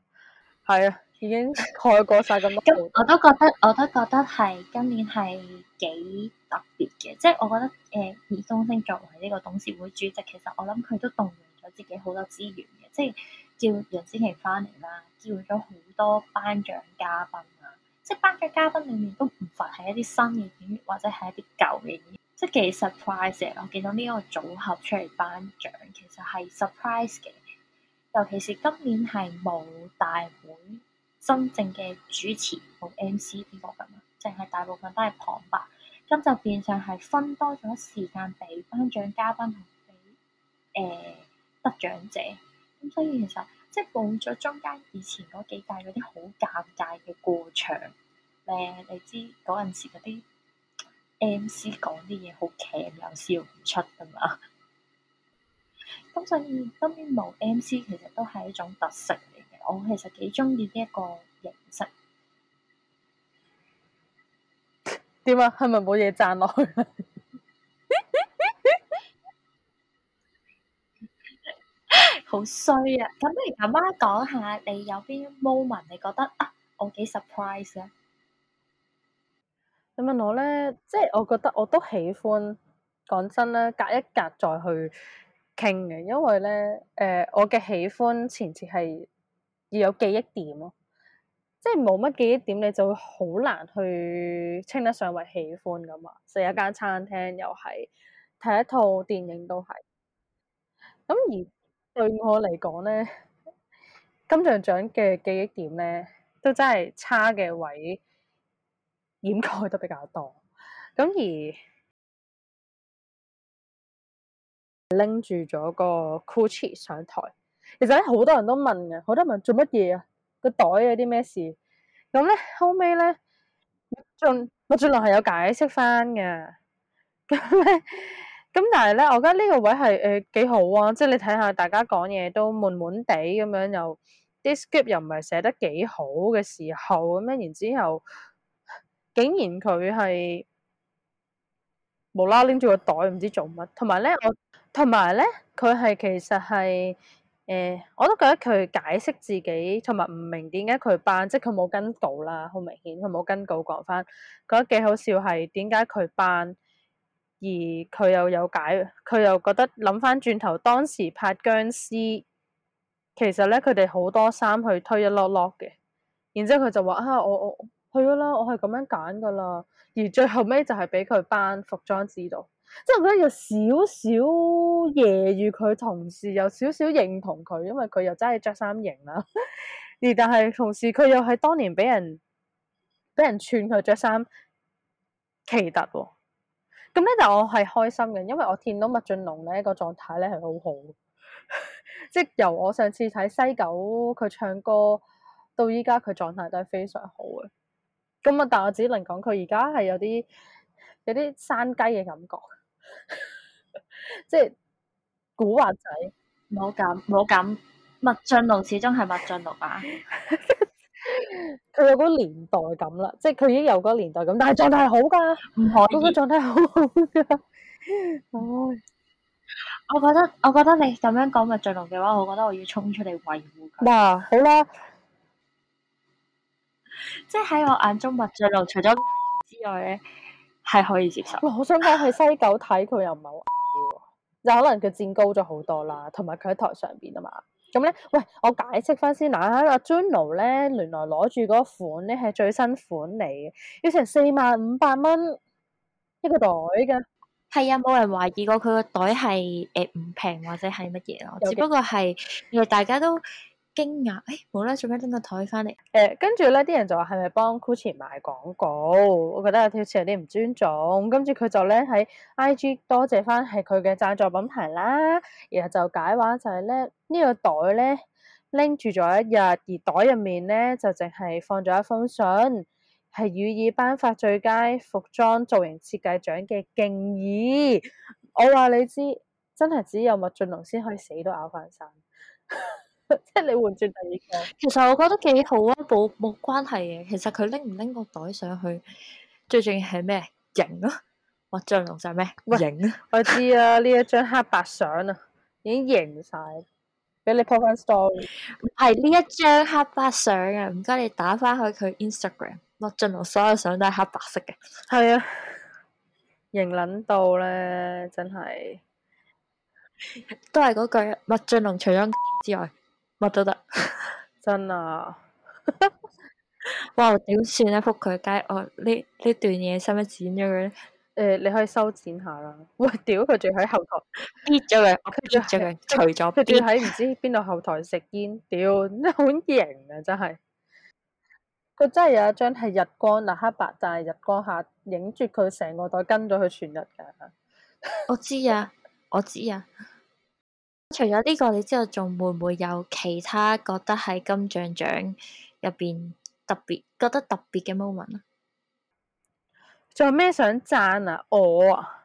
係啊，已經蓋過晒咁多，多、嗯。我都覺得，我都覺得係今年係幾特別嘅，即係我覺得誒，爾冬陞作為呢個董事會主席，其實我諗佢都動用咗自己好多資源嘅，即係叫楊紫瓊翻嚟啦，叫咗好多頒獎嘉賓啊。即係頒獎嘉賓裏面都唔乏係一啲新嘅演員，或者係一啲舊嘅演員，即係幾 surprise 嘅。我見到呢一個組合出嚟頒獎，其實係 surprise 嘅。尤其是今年係冇大會真正嘅主持，同 MC 呢個咁啊，淨係大部分都係旁白，咁就變相係分多咗時間俾頒獎嘉賓同俾誒得獎者。咁所以其實。即係冇咗中間以前嗰幾屆嗰啲好尷尬嘅過場咧，你知嗰陣時嗰啲 MC 講啲嘢好劇又笑唔出噶嘛？咁所以，今年冇 MC 其實都係一種特色嚟嘅。我其實幾鍾意呢一個形式。點啊？係咪冇嘢讚落去？好衰啊！咁你阿媽講下，你有邊 moment 你覺得啊，我幾 surprise 咧？你問我咧，即係我覺得我都喜歡講真啦，隔一隔再去傾嘅，因為咧，誒、呃，我嘅喜歡前次係要有記憶點咯，即係冇乜記憶點，你就會好難去稱得上為喜歡㗎嘛。成一間餐廳又係睇一套電影都係咁而。對我嚟講咧，金像獎嘅記憶點咧，都真係差嘅位掩蓋得比較多。咁而拎住咗個 Gucci 上台，其實咧好多人都問嘅，好多人問做乜嘢啊？個袋有啲咩事？咁咧後尾咧，仲我最耐係有解釋翻嘅。咁咧。 咁但係咧，我覺得呢個位係誒、呃、幾好啊！即係你睇下，大家講嘢都悶悶地咁樣又，又 describe 又唔係寫得幾好嘅時候咁樣，然之後竟然佢係無啦拎住個袋唔知做乜。同埋咧，我同埋咧，佢係其實係誒、呃，我都覺得佢解釋自己同埋唔明點解佢扮，即係佢冇跟稿啦，好明顯佢冇跟稿講返，覺得幾好笑係點解佢扮。而佢又有解，佢又覺得諗翻轉頭，當時拍僵屍，其實咧佢哋好多衫去推一落落嘅，然之後佢就話啊，我我去咗啦，我係咁樣揀噶啦。而最後尾就係俾佢班服裝指導，即係我覺得有少少揶揄佢同時，有少少認同佢，因為佢又真係着衫型啦。而但係同時佢又係當年俾人俾人串，佢着衫奇特喎。咁咧，但我係開心嘅，因為我見到麥浚龍咧個狀態咧係好好， 即係由我上次睇西九佢唱歌到依家佢狀態都係非常好嘅。咁啊，但我只能講佢而家係有啲有啲山雞嘅感覺， 即係古惑仔，唔好咁，唔好咁，麥浚龍始終係麥浚龍啊。 佢有嗰個年代感啦，即係佢已經有嗰個年代感，但係狀態係好噶，佢個狀態係好好噶。以 嗯、我覺得，我覺得你咁樣講麥浚龍嘅話，我覺得我要衝出嚟維護佢。嗱、啊，好啦，即係喺我眼中麥浚龍除咗之外咧，係可以接受。我想睇去西九睇佢又唔係好， 就可能佢漸高咗好多啦，同埋佢喺台上邊啊嘛。咁咧，喂，我解釋翻先，嗱、啊，阿 Junno 咧，原來攞住嗰款咧係最新款嚟嘅，要成四萬五百蚊一個袋㗎。係啊，冇人懷疑過佢個袋係誒唔平或者係乜嘢咯，Okay. 只不過係，原來大家都。驚訝誒，冇啦，做咩拎個袋翻嚟？誒，跟住咧，啲、欸、人就話係咪幫 Gucci 賣廣告？我覺得我有好似有啲唔尊重。跟住佢就咧喺 IG 多謝翻係佢嘅贊助品牌啦。然後就解話就係咧呢、這個袋咧拎住咗一日，而袋入面咧就淨係放咗一封信，係予以頒發最佳服裝造型設計獎嘅敬意。我話你知，真係只有麥浚龍先可以死都咬翻生。 即係你換轉第二個，其實我覺得幾好啊，冇冇關係嘅。其實佢拎唔拎個袋上去，最重要係咩？型咯，麥俊龍就係咩型啊？我知啊，呢一張黑白相啊，已經型晒。俾你 po 翻 story，唔係呢一張黑白相啊？唔該你打翻去佢 Instagram，麥俊龍所有相都係黑白色嘅。係啊，型捻到咧，真係都係嗰句，麥俊龍除咗之外。乜都得，真的啊！ 哇，點算咧？覆佢街哦，呢呢段嘢使乜剪咗佢咧？誒、呃，你可以修剪下啦。哇，屌！佢仲喺後台，搣咗佢，搣咗佢，除咗佢，仲要喺唔知邊度後台食煙，屌！好型啊，真係。佢真係有一張係日光那黑白，但係日光下影住佢成個袋跟咗佢全日嘅。我知啊，我知啊。除咗呢、這個，你之後仲會唔會有其他覺得喺金像獎入邊特別覺得特別嘅 moment 啊？仲有咩想讚啊？我啊，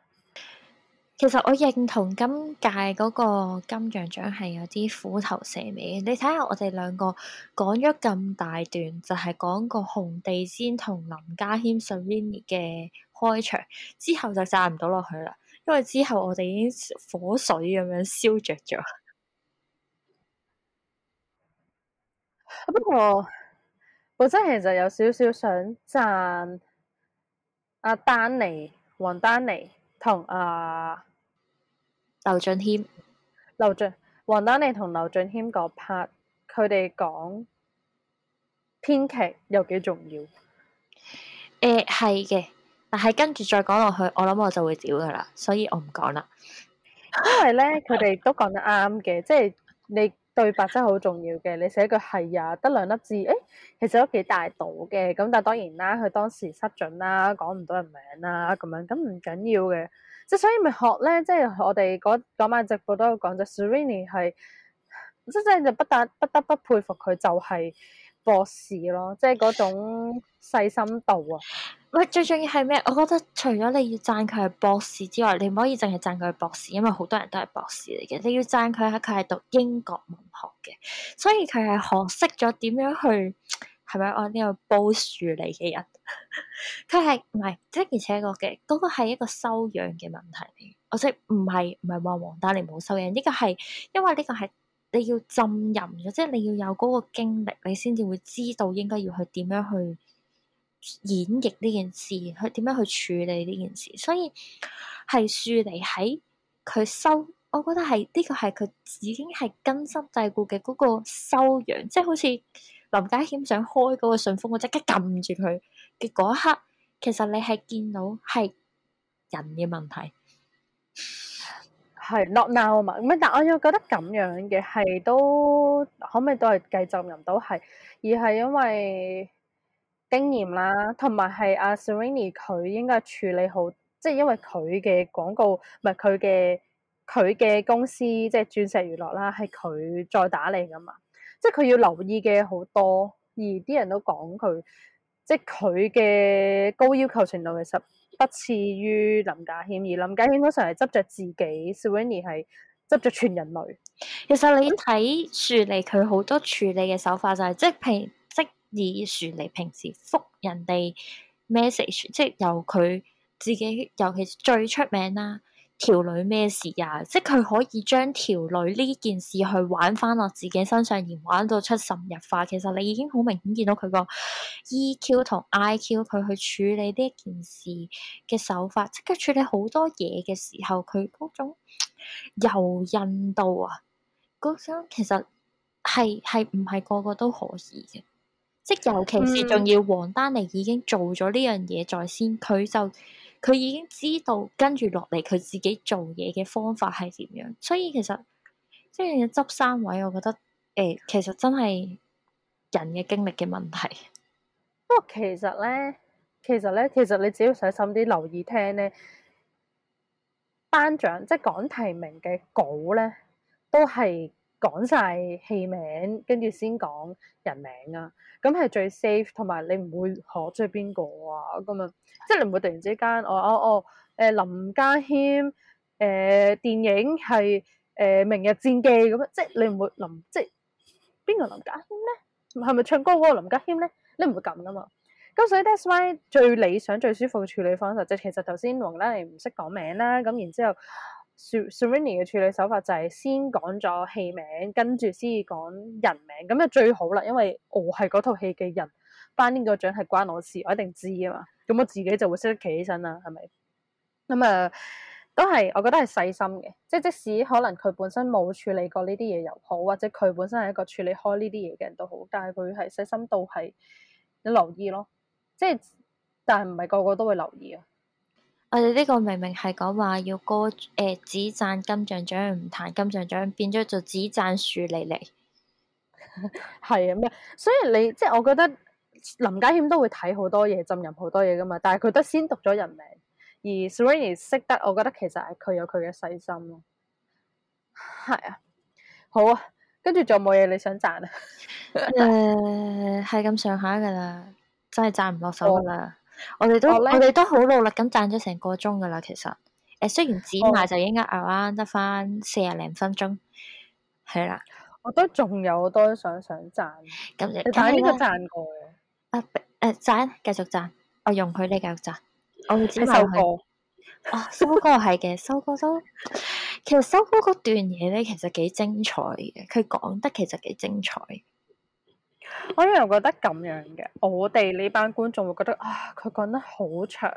其實我認同今屆嗰個金像獎係有啲虎頭蛇尾。你睇下我哋兩個講咗咁大段，就係、是、講個紅地氈同林家謙、Sunny 嘅開場之後就讚唔到落去啦。因為之後我哋已經火水咁樣燒着咗。不過我真係其實有少少想讚阿、啊、丹尼、黃丹尼同阿、啊、劉俊謙、劉俊黃丹尼同劉俊謙嗰 part，佢哋講編劇有幾重要。誒、呃，係嘅。但係跟住再講落去，我諗我就會屌噶啦，所以我唔講啦。因為咧，佢哋都講得啱嘅，即係你對白真係好重要嘅。你寫句係啊，得兩粒字，誒，其實都幾大度嘅。咁但當然啦，佢當時失準啦，講唔到人名啦，咁樣咁唔緊要嘅。即係所以咪學咧，即係我哋嗰晚直播都有講就 Serrini 係即係就不但不得不佩服佢、就係，就係。博士咯，即係嗰種細心度啊！唔係最重要係咩？我覺得除咗你要讚佢係博士之外，你唔可以淨係讚佢係博士，因為好多人都係博士嚟嘅。你要讚佢喺佢係讀英國文學嘅，所以佢係學識咗點樣去係咪我呢個煲樹嚟嘅人？佢係唔係？即而且個嘅嗰個係一個修養嘅問題嚟。我即係唔係唔係話王丹你冇修養，呢個係因為呢個係。你要浸淫咗，即係你要有嗰個經歷，你先至會知道應該要去點樣去演繹呢件事，去點樣去處理呢件事。所以係樹立喺佢修，我覺得係呢、呢個係佢已經係根深蒂固嘅嗰個修養，即係好似林家謙想開嗰個信封，我即刻撳住佢嘅嗰一刻，其實你係見到係人嘅問題。係落鬧啊嘛，唔係但我又覺得咁樣嘅係都可唔可以都係繼承人都係，而係因為經驗啦，同埋係阿 Sereni 佢應該係處理好，即係因為佢嘅廣告唔係佢嘅，佢嘅公司即係鑽石娛樂啦，係佢再打理㗎嘛，即係佢要留意嘅好多，而啲人都講佢，即係佢嘅高要求程度其實。不次於林家謙，而林家謙嗰時係執着自己 Serrini 係執著全人類。其實你睇樹莉佢好多處理嘅手法，就是，就係即平即以樹莉平時覆人哋 message，即由佢自己，尤其是最出名啦。條女咩事啊？即係佢可以將條女呢件事去玩翻落自己身上，而玩到出神入化。其實你已經好明顯見到佢個 E.Q. 同 I.Q. 佢去處理呢一件事嘅手法，即刻處理好多嘢嘅時候，佢嗰種柔韌度啊，嗰種其實係係唔係個個都可以嘅，即係尤其是仲要王丹妮已經做咗呢樣嘢在先，佢就。佢已經知道跟住落嚟佢自己做嘢嘅方法係點樣，所以其實即係執三位，我覺得誒、欸，其實真係人嘅經歷嘅問題。不過其實咧，其實咧，其實你只要細心啲留意聽咧，頒獎即係講提名嘅稿咧，都係。講晒戲名，跟住先講人名會會啊，咁係最 safe，同埋你唔會學出邊個啊咁啊，即係你唔會突然之間哦哦，誒、哦呃、林家謙，誒、呃、電影係誒、呃、明日戰記咁啊，即係你唔會林即係邊個林家謙咧？係咪唱歌嗰個林家謙咧？你唔會咁噶嘛。咁所以 that's why 最理想最舒服嘅處理方式，即係其實頭先黃嘉怡唔識講名啦，咁然之後。Serrini 嘅處理手法就係先講咗戲名，跟住先講人名，咁就最好啦。因為我係嗰套戲嘅人，返呢個獎係關我事，我一定知啊嘛。咁我自己就會識得企起身啦，係咪？咁、嗯、啊、呃，都係我覺得係細心嘅。即即使可能佢本身冇處理過呢啲嘢又好，或者佢本身係一個處理開呢啲嘢嘅人都好，但係佢係細心到係你留意咯。即係，但係唔係個個都會留意啊。我哋呢個明明係講話要歌誒、呃，只讚金像獎唔彈金像獎，變咗做只讚樹莉莉。係啊， 咩？所以你即係我覺得林家謙都會睇好多嘢，浸淫好多嘢噶嘛。但係佢得先讀咗人名，而 Serrini 識得，我覺得其實係佢有佢嘅細心咯。係 啊，好啊，跟住仲有冇嘢你想讚啊？誒、 呃，係咁上下噶啦，真係讚唔落手噶啦。哦我哋都我哋呢都好努力咁讚咗成個鐘㗎喇，其實誒，雖然剪埋就應該啱得返四廿零分鐘，係啦、哦，的我都仲有好多想想讚，咁、嗯、你睇呢個讚過嘅啊誒讚繼續讚，我容許你繼續讚，我要去剪埋佢。啊歌、哦，收歌係嘅， 收歌都其實收歌嗰段嘢咧，其實幾精彩嘅，佢講得其實幾精彩。我一樣覺得咁樣嘅，我哋呢班觀眾會覺得啊，佢講得好長，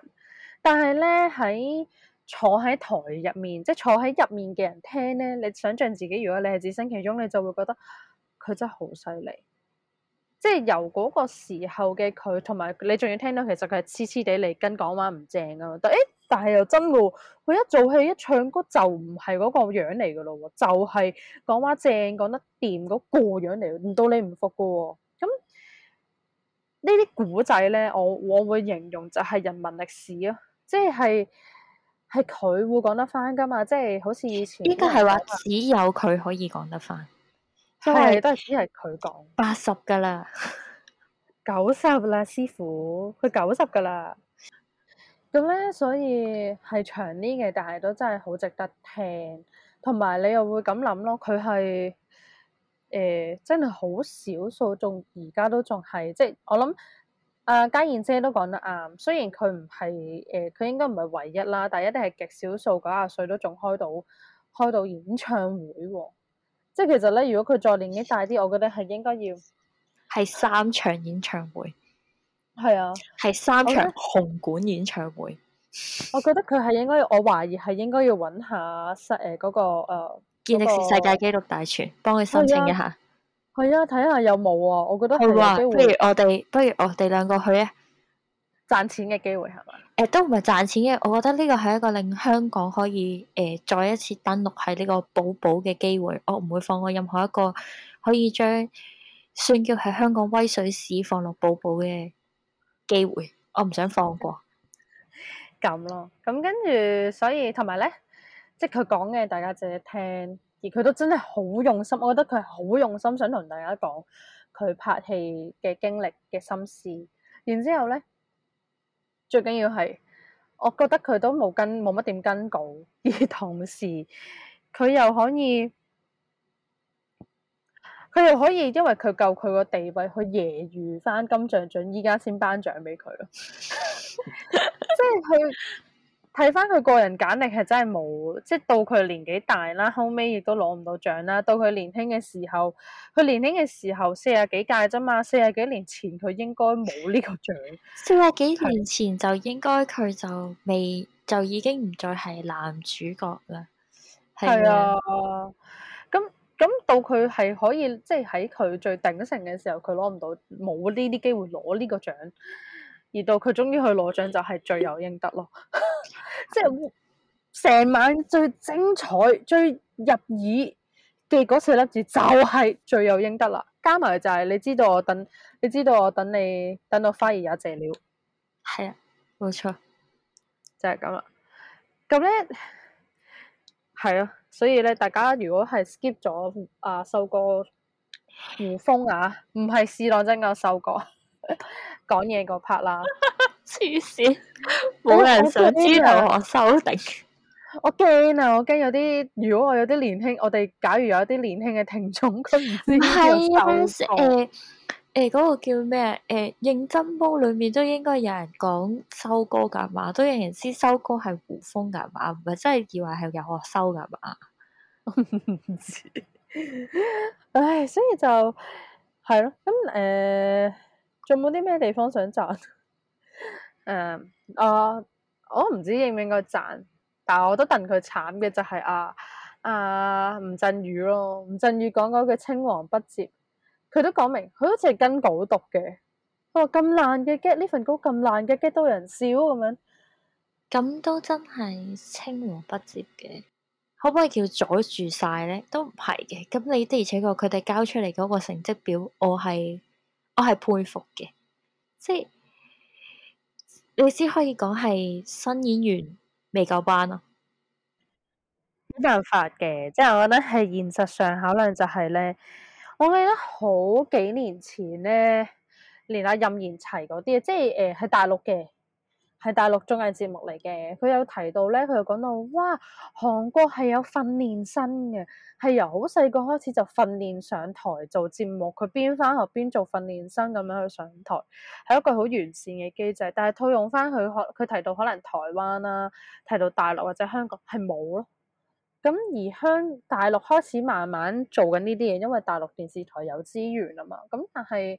但係咧喺坐喺台入面，即係坐喺入面嘅人聽咧，你想象自己如果你係置身其中，你就會覺得佢，啊，真係好犀利，即係由嗰個時候嘅佢，同埋你仲要聽到其實佢係黐黐地嚟跟講話唔正噶得誒。但係又真嘅，佢一做戲一唱歌就唔係嗰個樣嚟嘅咯，就係、是、講話正講得掂嗰個樣嚟，唔到你唔服嘅喎。咁呢啲古仔咧，我我會形容就係人民歷史啊，即係係佢會講得返嘅嘛，即係好似以前。而家係話只有佢可以講得返，係都係只係佢講八十嘅啦，九十啦，師傅佢九十嘅啦。咁咧，所以係長啲嘅，但係都真係好值得聽。同埋你又會咁諗咯，佢係誒真係好少數，仲而家都仲係，即係我諗，阿、呃、嘉燕姐都講得啱，雖然佢唔係誒，佢、呃、應該唔係唯一啦，但係一定係極少數，九廿歲都仲開到開到演唱會喎、哦。即係其實咧，如果佢再年紀大啲，我覺得係應該要係三場演唱會。係啊，係三場紅館演唱會。我覺得佢係應該，我懷疑係應該要揾下世誒嗰個誒，呃那個、健力士世界紀錄大全，幫佢申請一下。係啊，睇下、啊、有冇啊。我覺得係機會。不如我哋，不如我哋兩個去啊，賺錢嘅機會係咪？誒、呃，都唔係賺錢嘅。我覺得呢個係一個令香港可以誒、呃、再一次登陸喺呢個寶寶嘅機會。我唔會放過任何一個可以將算叫喺香港威水市放落寶寶嘅機會，我唔想放過咁咯。咁跟住，所以同埋咧，即係佢講嘅，大家淨係聽。而佢都真係好用心，我覺得佢係好用心想同大家講佢拍戲嘅經歷嘅心思。然之後咧，最緊要係，我覺得佢都冇跟冇乜點跟稿，而同時佢又可以。佢哋可以，因為佢夠佢個地位，去揶揄翻金像獎，依家先頒獎俾佢咯。即係佢睇翻佢個人簡歷，係真係冇，即係到佢年紀大啦，後尾亦都攞唔到獎啦。到佢年輕嘅時候，佢年輕嘅時候四廿幾屆啫嘛，四廿幾年前佢應該冇呢個獎。四廿幾年前就應該佢就未就已經唔再係男主角啦。係啊。咁到佢係可以，即係喺佢最頂盛嘅時候，佢攞唔到，冇呢啲機會攞呢個獎。而到佢終於去攞獎，就係、是、罪有應得咯。即係成晚最精彩、最入耳嘅嗰四粒字，就係、是、罪有應得啦。加埋就係、是、你知道我等，你知道我等你等到花兒也謝了。係啊，冇錯，就係咁啦。咁咧，係啊。所以咧，大家如果係 skip 咗啊、呃、秀個胡風啊，唔係試當真嘅秀個講嘢個 part 啦。黐線， 冇人想知道我收定。 我驚啊！我驚、啊、有啲，如果我有啲年輕，我哋假如有啲年輕嘅聽眾，佢唔知要收。誒，嗰、欸那個叫咩？誒、欸，認真煲裏面都應該有人講收歌噶嘛，都有人知收歌係胡風噶嘛，唔係真係以為係有我收噶嘛？ 唉，所以就係咯，咁誒，仲冇啲咩地方想讚？誒、嗯啊，我我唔知應唔應該讚，但係我都戥佢慘嘅就係阿阿吳鎮宇咯，吳鎮宇講嗰句青黃不接。佢都講明，佢都係跟稿讀嘅。我話咁爛嘅 gag，呢份稿咁爛嘅 gag，都有人笑咁樣，咁都真係青黃不接嘅。可唔可以叫阻住晒咧？都唔係嘅。咁你的而且確，佢哋交出嚟嗰個成績表，我係我係佩服嘅。即係你只可以講係新演員未夠班咯，啊，冇辦法嘅。即係我覺得係現實上考量就係咧。我記得好幾年前咧，連阿任賢齊嗰啲，即係誒喺大陸嘅，喺大陸綜藝節目嚟嘅，佢有提到咧，佢又講到，哇，韓國係有訓練生嘅，係由好細個開始就訓練上台做節目，佢邊返學邊做訓練生咁樣去上台，係一個好完善嘅機制。但係套用翻佢學，佢提到可能台灣啦、啊，提到大陸或者香港係冇咯。咁而香大陸開始慢慢做緊呢啲嘢，因為大陸電視台有資源啊嘛。咁但係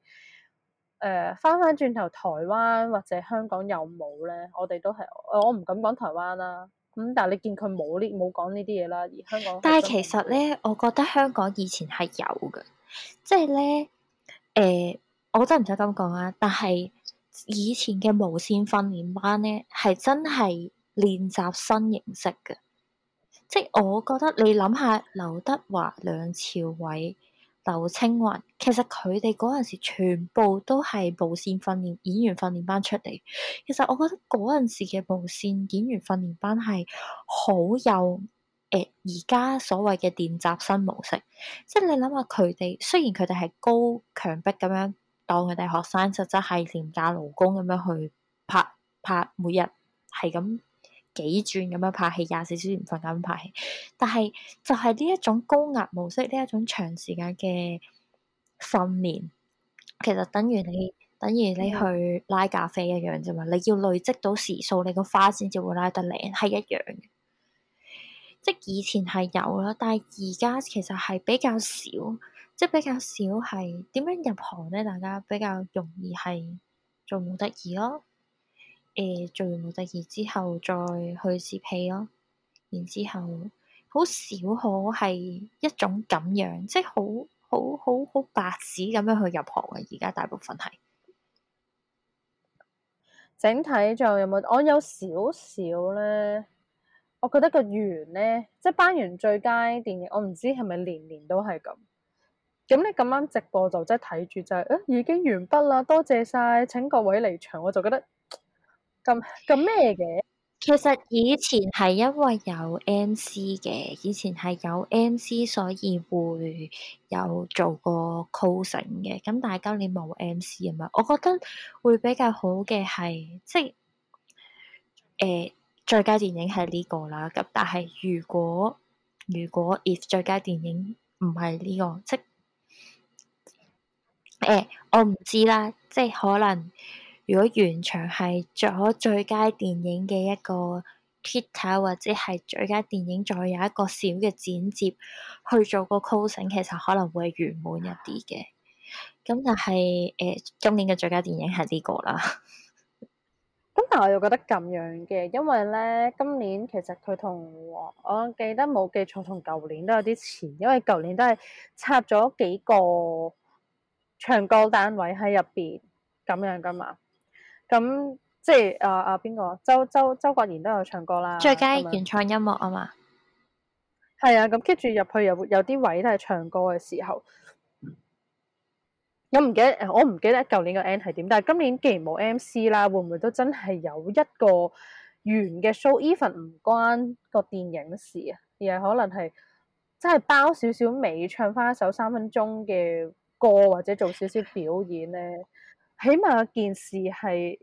誒，翻翻轉頭台灣或者香港有冇咧？我哋都係誒、呃，我唔敢講台灣啦、啊。咁但係你見佢冇呢，冇講呢啲嘢啦，而香港。但係其實咧，我覺得香港以前係有嘅，即係咧誒，我真係唔使咁講啊。但係以前嘅無線訓練班咧，係真係練習新形式嘅。即係我覺得你諗下，劉德華、梁朝偉、劉青雲，其實佢哋嗰陣時全部都係無線訓練演員訓練班出嚟。其實我覺得嗰陣時嘅無線演員訓練班係好有誒，而、呃、家所謂嘅練習生模式。即係你諗下，佢哋雖然佢哋係高強逼咁樣當佢哋學生，實質係廉價勞工咁樣去拍拍每，每日係咁。幾轉咁樣拍戲，廿四小時唔瞓咁拍戲，但係就係、是、呢一種高壓模式，呢一種長時間嘅訓練，其實等於你等於你去拉咖啡一樣啫嘛。你要累積到時數，你個花先至會拉得靚，係一樣嘅。即係以前係有咯，但係而家其實係比較少，即係比較少係點樣入行咧？大家比較容易係做模特兒咯。誒、呃，做完《模特兒》之後再去接戲咯，然之後好少可係一種咁樣，即係好好好好白紙咁樣去入行嘅。而家大部分係整體仲有冇？我有少少咧，我覺得個圓咧，即係班圓最佳電影，我唔知係咪年年都係咁。咁你咁啱直播就即係睇住就誒已經完畢啦，多謝晒，請各位離場。我就覺得。咁咁咩嘅？其實以前係因為有 MC 嘅，以前係有 MC，所以會有做過 coaching 嘅。咁但係今年冇 MC 啊嘛，我覺得會比較好嘅係即係誒、欸、最佳電影係呢個啦。咁但係如果如果 if 最佳電影唔係呢個，即誒、欸、我唔知啦，即係可能。如果原場係咗最佳電影嘅一個 title，或者係最佳電影再有一個小嘅剪接，去做個 closing 其實可能會係圓滿一啲嘅。咁但係誒、呃，今年嘅最佳電影係呢個啦。咁但係我又覺得咁樣嘅，因為咧今年其實佢同我記得冇記錯，同舊年都有啲似，因為舊年都係插咗幾個唱歌單位喺入邊咁樣噶嘛。咁即係、呃、啊啊邊個？周周周國賢都有唱歌啦。最佳原創音樂啊嘛。係啊，咁跟住入去又有啲位都係唱歌嘅時候。我唔記得，我唔記得舊年個 end 係點，但係今年既然冇 MC 啦，會唔會都真係有一個完嘅 show，even 唔關個電影事啊，而係可能係真係包少少尾，唱翻一首三分鐘嘅歌，或者做少少，少表演咧。起碼件事係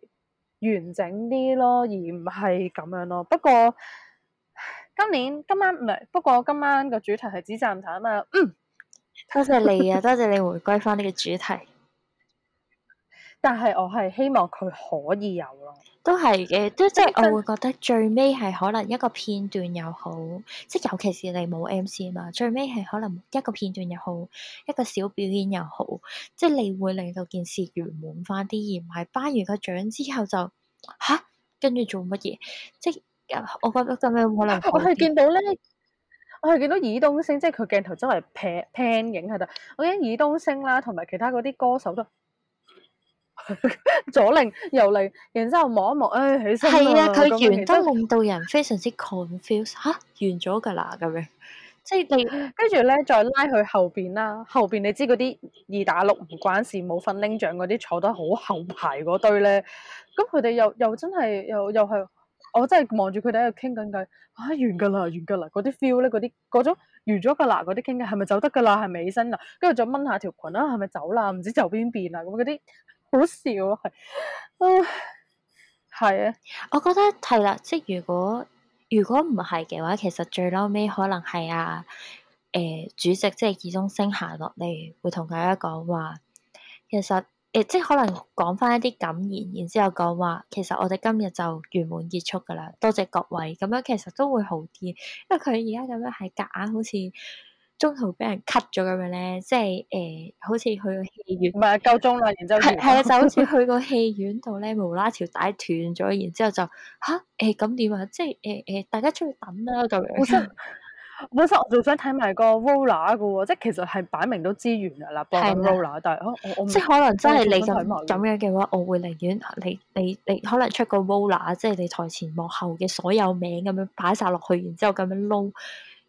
完整啲咯，而唔係咁樣咯。不過今年今晚唔係，不過今晚個主題係只準讚啊！多、嗯、謝，謝你啊，多 謝，謝你回歸翻呢個主題。但係我係希望佢可以有咯。都係嘅，都即係我會覺得最尾係可能一個片段又好，即係尤其是你冇 MC 啊嘛，最尾係可能一個片段又好，一個小表演又好，即係你會令到件事圓滿翻啲，而唔係頒完個獎之後就吓，跟住做乜嘢？即係我我覺得真係可能我係見到咧，我係見到爾冬升，即係佢鏡頭周圍 pan 影喺度，我驚爾冬升啦，同埋其他嗰啲歌手都。左擰右擰，然之後望一望，唉、哎，起身啦。係啊，佢完都令到人非常之 confuse 嚇，完咗㗎啦咁樣。即係跟住咧，再拉去後邊啦。後邊你知嗰啲二打六唔關事、冇份拎獎嗰啲坐得好後排嗰堆咧，咁佢哋又又真係又又係，我真係望住佢哋喺度傾緊偈。嚇、啊，完㗎啦，完㗎啦。嗰啲 feel 咧，嗰啲嗰種完咗㗎啦，嗰啲傾緊係咪走得㗎啦？係咪起身啦？跟住再掹下條裙啦，係咪走啦？唔知走邊邊啦咁嗰啲。好笑啊，係，係啊，我覺得係啦，即係如果如果唔係嘅話，其實最嬲尾可能係啊，誒、呃，主席即係二中升下落嚟，會同大家講話，其實誒、呃，即係可能講翻一啲感言，然之後講話，其實我哋今日就圓滿結束噶啦，多謝各位，咁樣其實都會好啲，因為佢而家咁樣係夾硬好似。中途俾人 cut 咗咁樣咧，即係誒、呃，好似去個戲院。唔係，夠鐘啦，然之後。係係啊，就好似去個戲院度咧，無啦啦條帶斷咗，然之後就吓誒，咁點啊？即係誒誒，大家出去等啦咁樣。本身，我仲想睇埋個 roller 噶，即係其實係擺明都資源㗎啦，包括 roller，但係我我即係可能真係你咁樣嘅話，我會寧願你你你,你可能出個 roller，即係你台前幕後嘅所有名咁樣擺晒落去，然之後咁樣撈。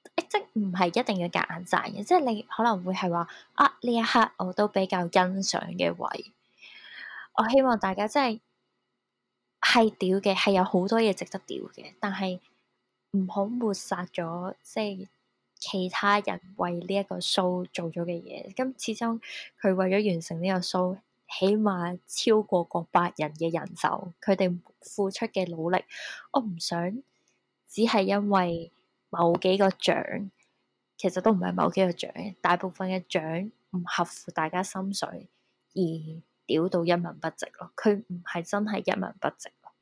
誒，即唔係一定要夾硬讚嘅即係你可能會係話啊，呢一刻我都比較欣賞嘅位，我希望大家真係係屌嘅，係有好多嘢值得屌嘅，但係唔好抹殺咗即係其他人為呢一個 show 做咗嘅嘢。咁始終佢為咗完成呢個 show，起碼超過過百人嘅人手，佢哋付出嘅努力，我唔想只係因為。某幾個獎其實都唔係，某幾個獎大部分嘅獎唔合乎大家心水，而屌到一文不值咯。佢唔係真係一文不值咯，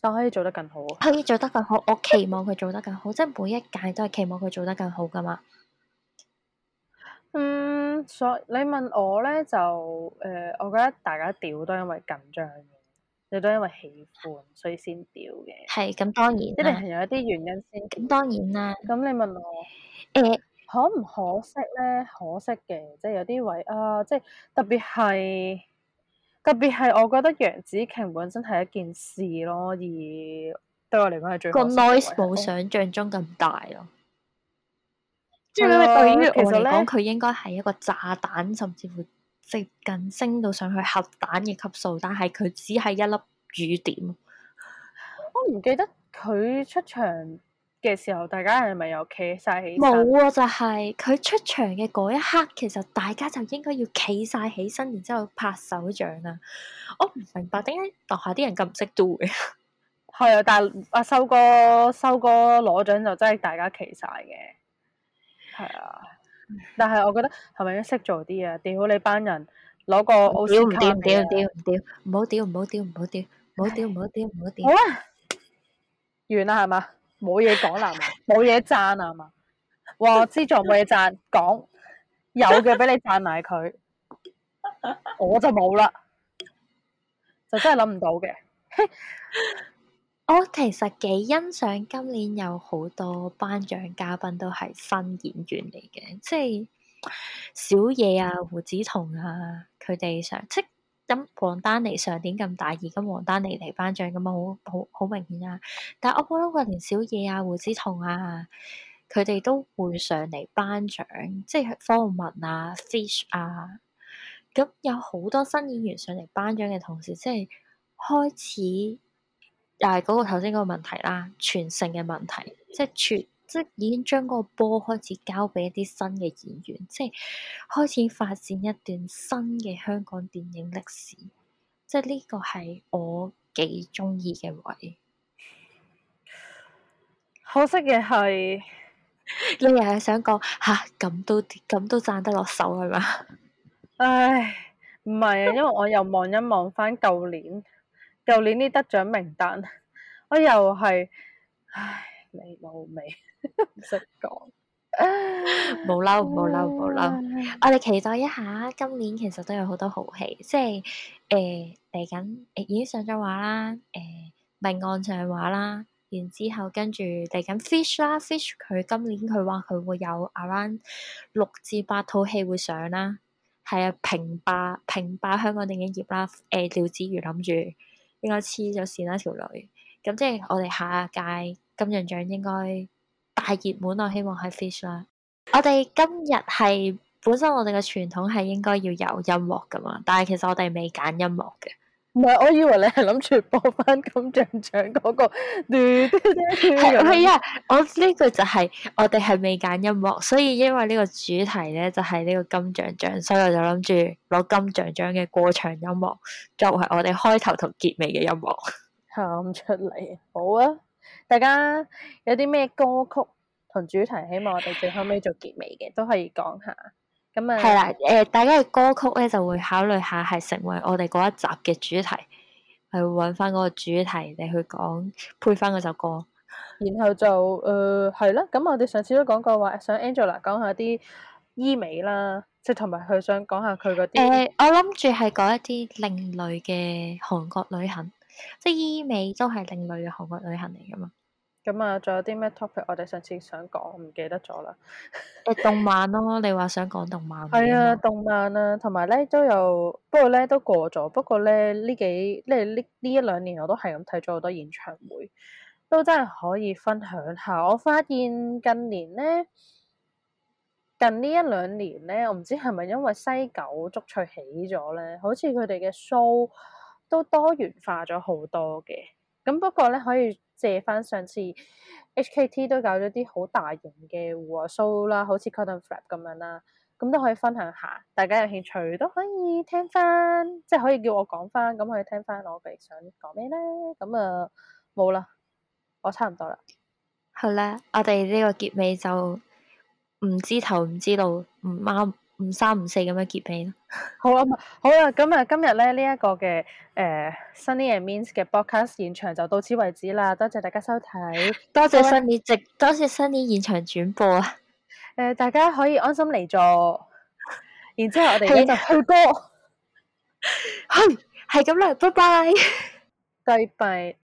但可以做得更好。可以做得更好。我期望佢做得更好，即係每一屆都係期望佢做得更好噶嘛。嗯，所以你問我咧，就誒、呃，我覺得大家屌都因為緊張。你都因為喜歡，所以先屌嘅。係，咁當然。一定係有一啲原因先。咁當然啦。咁你問我，誒、欸、可唔可惜咧？可惜嘅，即係有啲位啊，即係特別係特別係，我覺得楊紫瓊本身係一件事咯，而對我嚟講係最個 noise 冇想象中咁大咯。即係、嗯、對於我嚟講，佢應該係一個炸彈，甚至乎。接近升到上去核彈嘅級數，但係佢只係一粒雨點。我唔記得佢出場嘅時候，大家係咪又企晒起身？冇啊，就係、是、佢出場嘅嗰一刻，其實大家就應該要企晒起身，然之後拍手掌啦。我唔明白、嗯，點解台下啲人咁唔識做嘅？係啊，但係阿修哥、修哥攞獎就真係大家企晒嘅，係啊。但係我覺得係咪要識做啲啊？屌你班人，攞個奧斯卡屌唔掂，唔掂，唔掂，唔好屌唔好屌唔好屌，唔好屌唔好屌唔好屌，好啊，完啦係嘛？冇嘢講啦冇嘢讚啊嘛？哇， 話我知做冇嘢讚，講有嘅俾你讚埋佢，我就冇啦，就真係諗唔到嘅。我、oh, 其實幾欣賞今年有好多頒獎嘉賓都係新演員嚟嘅，即係小野啊、胡子彤啊，佢哋上即係咁王丹妮上年咁大熱，咁王丹妮嚟頒獎咁啊，好好好明顯啊。但係我覺得，佢，連小野啊、胡子彤啊，佢哋都會上嚟頒獎，即係方文啊、Fish 啊，咁有好多新演員上嚟頒獎嘅同時，即係開始。又係嗰個頭先個問題啦，傳承嘅問題，即係傳，即係已經將嗰個波開始交畀一啲新嘅演員，即係開始發展一段新嘅香港電影歷史，即係呢個係我幾中意嘅位。可惜嘅係， 你又係想講吓咁都咁都讚得落手係嘛？唉，唔係啊，因為我又望一望翻舊年。舊年啲得獎名單，我又係唉，你老味，唔識講，冇嬲冇嬲冇嬲。 我哋期待一下今年，其實都有好多好戲，即係誒嚟緊已經上咗畫、欸、啦，誒命案上畫啦，然之後跟住嚟緊 fish 啦，fish 佢今年佢話佢會有 around 六至八套戲會上啦，係啊，平霸平霸香港電影業啦，誒、欸、廖子妤諗住。應該黐咗線啦，條女，咁即係我哋下屆金像獎應該大熱門，我希望係 Fish 啦。我哋今日係本身我哋嘅傳統係應該要有音樂噶嘛，但係其實我哋未揀音樂嘅。唔係，我以為你係諗住播翻金像獎嗰、那個。係啊，我呢個、這個、就係、是、我哋係未揀音樂，所以因為呢個主題咧就係、是、呢個金像獎，所以我就諗住攞金像獎嘅過場音樂作為我哋開頭同結尾嘅音樂喊 出嚟。好啊，大家有啲咩歌曲同主題，希望我哋最後尾做結尾嘅，都可以講下。係啦，誒、嗯呃，大家嘅歌曲咧就會考慮下係成為我哋嗰一集嘅主題，係揾翻嗰個主題嚟去講配翻嗰首歌，然後就誒係啦。咁、呃、我哋上次都講過話，想 Angela 講一下啲醫美啦，即係同埋佢想講下佢嗰啲。誒，我諗住係講一啲另類嘅韓國旅行，即係醫美都係另類嘅韓國旅行嚟㗎嘛。咁啊，仲有啲咩 topic？我哋上次想講，唔記得咗啦。誒， 動漫咯、啊，你話想講動漫、啊？係 啊，動漫啊，同埋咧都有，不過咧都過咗。不過咧呢幾，即係呢呢一兩年，我都係咁睇咗好多演唱會，都真係可以分享下。我發現近年咧，近一兩呢一兩年咧，我唔知係咪因為西九足趣起咗咧，好似佢哋嘅 show 都多元化咗好多嘅。咁不過咧，可以借翻上次 HKT 都搞咗啲好大型嘅 show 啦，好似 Cotton Flap 咁樣啦，咁都可以分享下。大家有興趣都可以聽翻，即係可以叫我講翻，咁可以聽翻我哋想講咩咧。咁啊冇啦，我差唔多啦。好啦，我哋呢個結尾就唔知頭唔知道唔啱。五三五四咁樣結尾咯、 啊，好啊，好、嗯、啦，咁、嗯、啊今日咧呢一、這個嘅誒 Sunny means 嘅 broadcast 現場就、嗯、到此為止啦，多謝大家收睇，多謝 Sunny 直，多謝 Sunny 現場轉播啊，誒、 呃、大家可以安心嚟做，然之後我哋咧就去歌。哼、 嗯，係咁啦，拜拜，拜 拜。 對白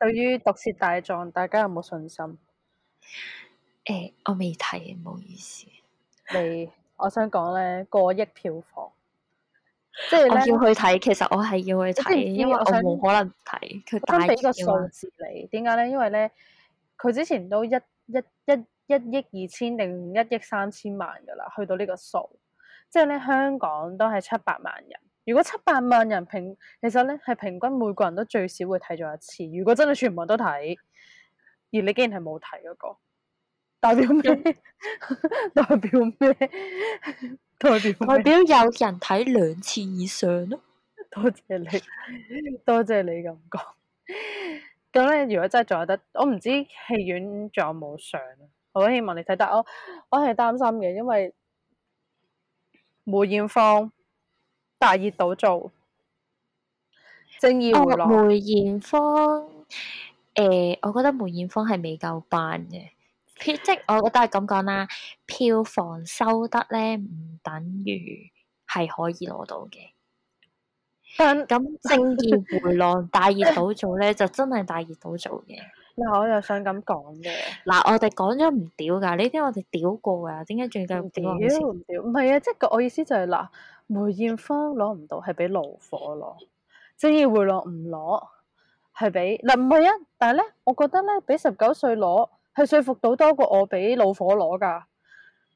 對於《毒舌大狀》，大家有冇信心？誒、欸，我未睇，唔好意思。你， 我想講咧，過億票房，即係我要去睇。其實我係要去睇，因為我冇可能睇佢大億俾個數字你，點解咧？因為咧，佢之前都一一一一億二千定一億三千萬㗎喇，去到呢個數，即係咧香港都係七百萬人。如果七百萬人平，其實咧係平均每個人都最少會睇咗一次。如果真係全部人都睇，而你竟然係冇睇嗰個，代表咩？ 代表咩什？ 代表代表有人睇兩次以上咯，啊。多謝你，多謝你咁講。咁 咧，如果真係仲有得，我唔知戲院仲有冇上。我希望你睇，但我我係擔心嘅，因為梅艷芳。大熱倒做正義迴廊、啊、梅艷芳誒、呃，我覺得梅艷芳係未夠班嘅， 即係我覺得係咁講啦，票房收得咧唔等於係可以攞到嘅。咁咁 正義迴廊大熱倒做咧， 就真係大熱倒做嘅。嗱、啊，我又想咁講嘅嗱，我哋講咗唔屌噶，呢啲我哋屌過噶，點解仲要繼續屌？屌唔係啊，即、就、係、是、我意思就係、是、嗱。 梅艷芳攞唔到，係俾怒火攞，爭議會攞唔攞，係俾嗱唔係啊，但係咧，我覺得咧，俾十九歲攞，係說服到多過我俾怒火攞噶。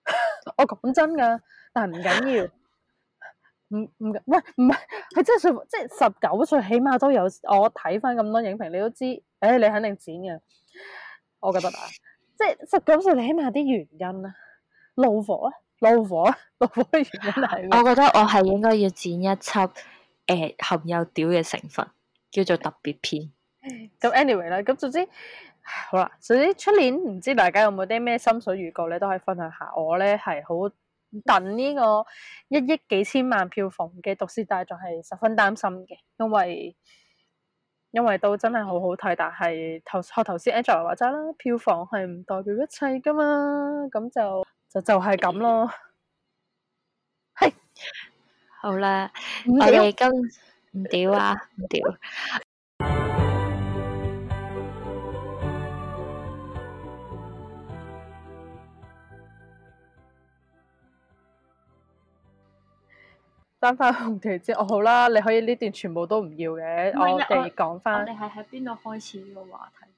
我講真噶，但係唔緊要，唔唔，喂唔係，係真係說服，即係十九歲起碼都有。我睇翻咁多影評，你都知，誒、哎、你肯定剪嘅，我覺得啊，即係十九歲你起碼有啲原因啊，怒火咧，撈火，撈火嘅原因係，我覺得我係應該要剪一輯誒、呃、含有屌嘅成分，叫做特別篇。咁、 嗯、anyway 啦，咁總之好啦，總之出年唔知大家有冇啲咩心水預告咧，都可以分享下。我咧係好等呢個一億幾千萬票房嘅《毒舌大狀》，係十分擔心嘅，因為因為都真係好好睇，但係頭學頭先 Angela 話齋啦，票房係唔代表一切噶嘛，咁就。就就係咁咯， 好啦了，我哋今唔屌啊，唔屌，翻翻紅條紙，我、oh, 好啦，你可以呢段全部都唔要嘅是，我哋講翻，你係喺邊度開始呢個話題？